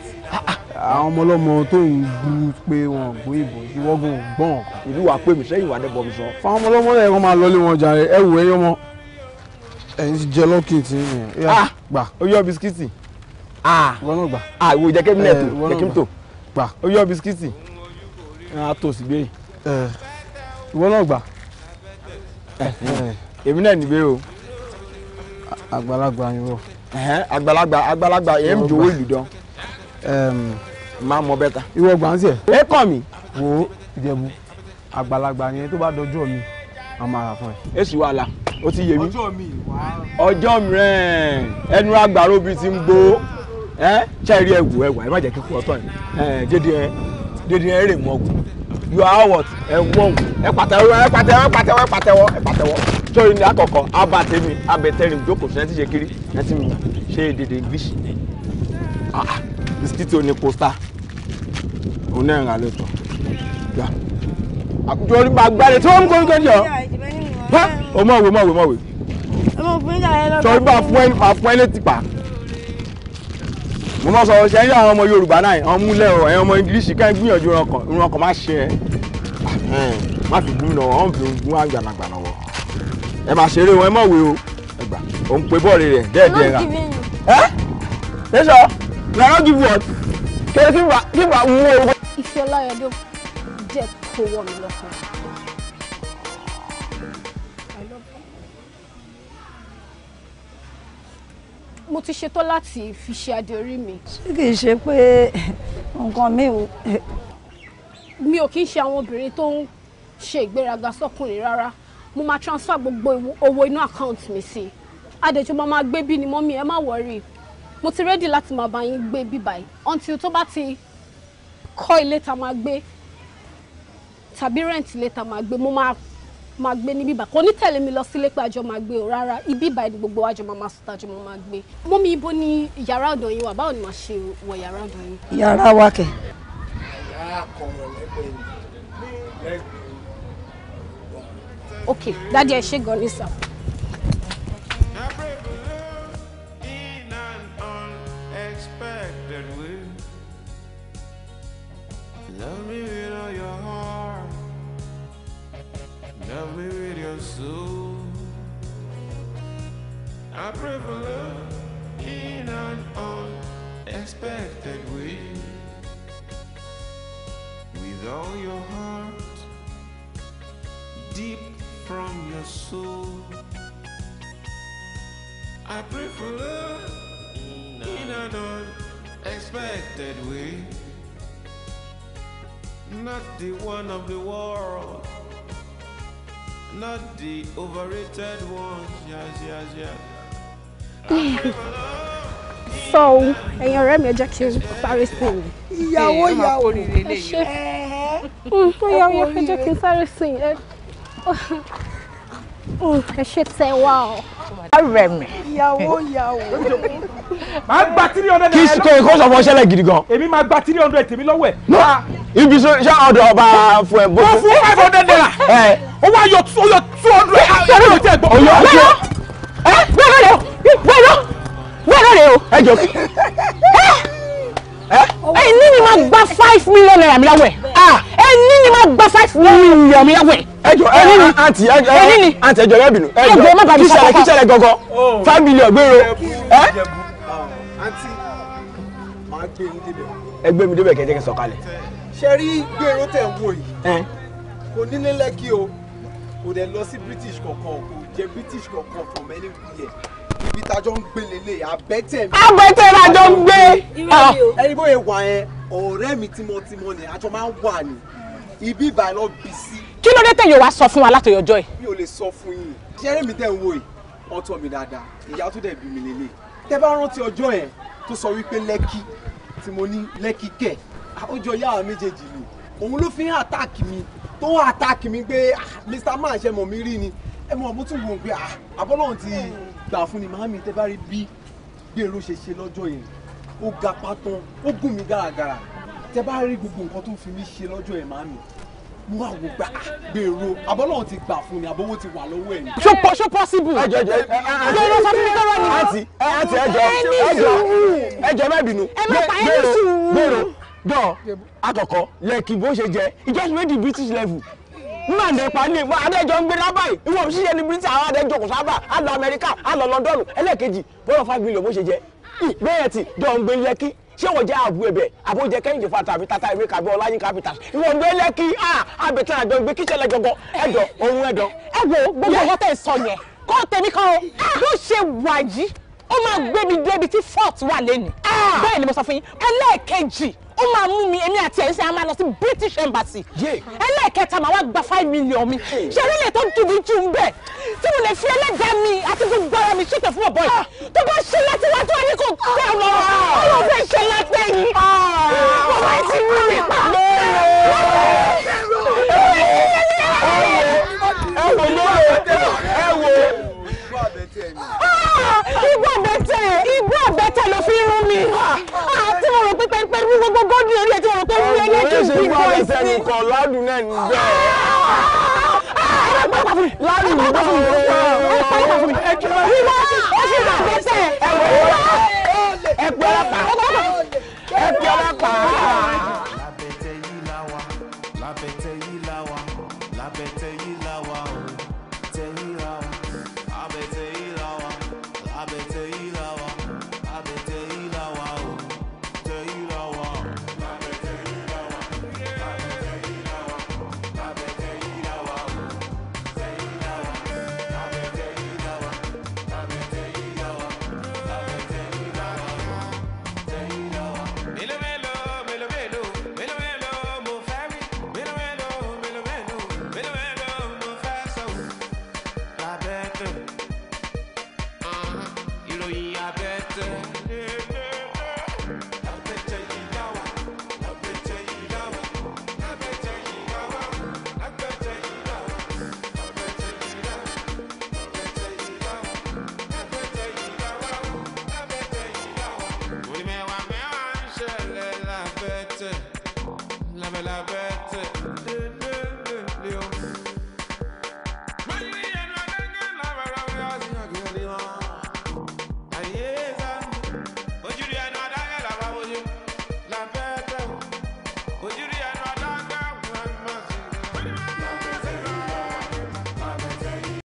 àwọn ọmọ tó ń bú pé wọn gbọ́ ìbò ìwọ́gùn gbọ́n. ìlú wa pè mí sẹ́yìn wà dẹ́bọ̀ mi sọ. fáwọn ọmọ ọlọ́mọ lẹ́yìn máa lọ lé wọn jàre ẹ wò ẹyọ mọ ẹyin ti jẹ lọ́kì tí yẹn ah! gbà. ó yọ bisikíìtì. Ah! ìwọ náà gbà. Ah, eh, àwo jẹ́ kí n nẹ̀ tó kí n tò. gbà ó bisikíìtì. a tò sí gbé. Eh, ìwọ náà gbà. Eh, èmi náà níbẹ̀ àgbàlagbà yìí wọ̀. Agbalagba, agbalagba, èyí ń jowó ìlú dán máa mọ bẹ́ta. ìwọ gbàǹsẹ̀. ẹ kàn mí. wo ìjẹ̀bù àgbàlagbà yẹn tó bá dọjọ́ mi a máa rà fún ẹ. èsì wàhálà ó ti yé mi ọjọ́ mi rẹ̀ ẹnu agbára obì ti ń gbó ṣáìrí ẹ̀wù ẹ̀wà ẹ má jẹ́ kí kú ọ̀tọ̀ yìí dédé ẹ dédé ẹ rè mọ́ ọ̀gùn yọ àwọ̀ ẹ̀ wọ̀ ọ̀gùn ẹ pàtẹ́wọ́ ẹ pàtẹ́wọ́ ẹ pàtẹ́wọ́ ẹ pàtẹ́wọ́ ẹ pàtẹ́wọ́ story ní àkọ́kọ́ abba tèmi abẹ́tẹ́rìm jókòó ṣe ti ṣe kiri ẹ ti mi ṣe èdèdè english ah bisikíìtì òní pósítà òun náà ń ra lẹ́tọ̀ yá àkùjọ orí máa gbálẹ̀ tí wọ́n ń kórìkọ́ jọ ọ mọ̀wé mọ̀wé mọ̀wé sọ̀rọ̀ bá fún ẹni máa fún ẹni tìpa mo máa sọ̀rọ̀ sẹ́yìn àwọn ọmọ yorùbá náà àwọn múlẹ̀ ọ̀ ẹ̀yìn ọmọ english ká gbìyànjú ìrànkàn má ṣe ah, ẹ̀ má fi gbúnà ọ̀hún fi gún àgbàlagbà ẹ máa ṣeré wọn ẹ mọ̀ wé o ẹgbà òun pe bọ́ọ̀lì rẹ̀ dẹ́ẹ̀dẹ́ ra ẹ ṣe sọ lọ́rọ́ give what kí kí wà kí wà wú o. ìfẹ́ ọláyọ̀dọ̀ jẹ́ kó wọ̀ mí lọ́kàn. mo ti ṣetán láti fi ṣe adé mi. ṣé kìí ṣe pé nǹkan mi ò. mi ò kí ń ṣe àwọn obìnrin tó ń ṣe ìgbéraga sọkùnrin rárá mo máa transfer gbogbo owó inú account mi sí adẹjọ máa máa gbé bí ni mọ́mí ẹ má wọrí mo ti ready láti máa bá yín gbé bí báyìí until tó bá ti kọ́ ilé tá máa gbé tàbí rent ilé tá máa gbé mo máa máa gbé ní bíbá kò ní tẹ̀lé mi lọ sílé pé àjọ máa gbé o rárá ibi ìbá ni gbogbo àjọ máa sùn tàjọ máa gbé mọ́mí ibo ni yàrá ọ̀dọ̀ yín wà báwo ni màá ṣe wọ yàrá ọ̀dọ̀ yín. yàrá wa kẹ. yàrá kọ̀ọ̀rọ̀ ok dáàdi a ṣe gan Love me your heart. Love me I pray for love in unexpected deep from your soul. I pray for love in an unexpected way. Not the one of the world, not the overrated ones. Yes, yes, yes. so ẹ̀yin ọ̀rẹ́ mi ẹ jẹ́ kí n sáré sí i. ìyàwó ìyàwó ẹ ṣe ó yà wọ́n ẹ jẹ́ kí n sáré sí ẹ ṣe tẹ wá o. ọ̀rẹ́ mi. ìyàwó ìyàwó. màá gba three hundred naira. kí sikọ́ ikọ́ sọ̀fọ̀ ṣẹlẹ̀ gidi gan. èmi máa gba three hundred tèmi lọ́wọ́ ẹ̀. no ibi sọ ṣé ọ̀dọ̀ ọba fún ẹ bó. wọ́n fún five hundred naira. ó wá yọ two yọ two hundred. sọ́dọ̀ ló tẹ̀ gbọ́. ọ̀yọ́ ọ̀ṣọ́. ẹ wẹ́rẹ́ rẹ o wẹ́rẹ́ rẹ o. ẹ jọ kí. Eh? ẹni ni máa gba five million naira mi lọ́wọ́ ẹ̀ ah! ẹni ni máa gba five million naira mi lọ́wọ́ ẹ̀. ẹjọ ẹni ni àǹtí ẹni ni àǹtí ẹjọ rẹ bínú ẹjọ kíṣẹlẹ kíṣẹlẹ gọgọ oh. five million gbèrò eh? ẹ. ẹgbẹ́ mi débẹ̀ kẹ́jẹ́ kẹ́ sọ̀kalẹ̀. ṣe rí gbèrò tẹ̀ ń wò yìí eh? kò nílé lẹ́kì o kò dẹ̀ lọ sí British kankan kò jẹ́ British kankan from anywhere ibi tájọ ń gbé lélẹ̀ abẹ́tẹ̀ mi. abẹ́tẹ̀ lájọ ń gbé. Ah, ẹni bóyá wà yẹn ọ̀rẹ́ mi tímọ́tímọ́ ni àjọ máa ń wà ní ibi ìbàlọ́ bí sí. kí ló dé tẹ̀yẹ̀ wá sọ fún wa látọ̀yọjọ́ ẹ̀. mi ò lè sọ fún yín ṣẹ́rẹ́ mi tẹ̀ ń wò yìí wọ́n tọ́ mi dáadáa ìyá tó dẹ̀ bí mi lélẹ̀ tẹ́ bá rántí ọjọ́ yẹn tó sọ wípé lẹ́kì tí mo ní lẹ́kì kẹ̀ àwùjọ yàrá méjèèjì ni òun ló fi ń àtàkì mi tó àtàkì mi pé ah, Mr. Man ṣe mọ̀ mí rí ni ẹ mọ̀ mo tún wò ó pé àbọ́lọ́hún ah, ti gbà fún ni màámi tẹ bá rí bí gbèrò ṣe ṣe lọ́jọ́ yẹn ó ga pátán ó gùn mí gàràgàrà tẹ bá rí gbogbo nǹkan tó fi mí ṣe lọ́jọ́ yẹn màámi mú àwọn ah, gbà gbèrò abọ́lọ́hún ti gbà fún ni abọ́wọ́ ti wà lọ́wọ́ ẹ̀ ni. ṣọpọ ṣọ pọsibú. ẹjọ ẹjọ ẹ ẹ sọ fún mi tọrọ mi. àǹtí ẹ àǹtí ẹjọ ẹjọ ẹjọ má bínú. ẹ má pa ẹni sùúrù. gbèrò gbèrò dán akọkọ lẹkì bó ṣe jẹ ìjọsìn méjì British level nígbà tẹ pa ní ìmọ̀ adẹ́jọ́ ń gbé lábà yìí ìwọ òṣìṣẹ́ ní britain àwọn adẹ́jọ́ kò sábà á lọ amẹ́ríkà á lọ lọ́dọ́ọ̀nù ẹlẹ́ẹ̀kejì bọ́lá five million bó ṣe jẹ bẹ́ẹ̀ ti dọ̀ ń gbé lẹ́kí ṣé wọ́n jẹ́ àbú ẹ̀bẹ̀ àbójẹ kẹ́hìndé fa tàbí tata ìwé kàbí ọláyín capital ìwọ ń gbé lẹ́kí àbẹ̀tẹ̀ àjọ gbé kíṣẹ̀lẹ̀ jọgọ ẹ̀dọ̀ ohun ẹ̀dọ̀. ẹ wo gbogbo ọwọ́ tẹ̀ sọ yẹn kọ́ tèmi kan o ló ah. ṣe wàyí ó máa gbé mi débi tí fort wà lẹ́nu ah. bẹ́ẹ̀ ni mo sọ fún yín ẹlẹ́ẹ̀kejì ó máa mú mi èmi àti ẹ̀yìn sẹ́ a máa lọ sí British Embassy ẹlẹ́ẹ̀kẹta màá wá gba five million mi ṣe eré tó dùbí jù ń bẹ̀ tí mo lè fi ẹlẹ́dàá mi àti gbogbo ara mi ṣètò fún ọ̀bọ̀ yìí ah. tó bá ṣe láti wájú ẹni kò tẹ̀ lọ ọ̀rọ̀ fẹ́ ṣe látẹ̀yìn ah. mo máa ti rí mi pa. Ah. ẹ wò ẹ wò ọ̀bẹ́tẹ̀ ibú ọ̀bẹ́tẹ̀ ló fi rún mi àti mo rò pé pẹ́ńpẹ́ mú gbogbo góòdù orí ẹ̀ tí mo rò pé rúwé ní kí n bí kọ́ ìsìn. ọ̀rẹ́ ṣe kọ̀ ládùn náà ń bẹ̀. Ah, ah, ah, ládùn náà ń bẹ̀. ìwọ ó sì máa bẹ́tẹ̀. ẹ pẹ́ ọlọ́pàá ẹ pẹ́ ọlọ́pàá.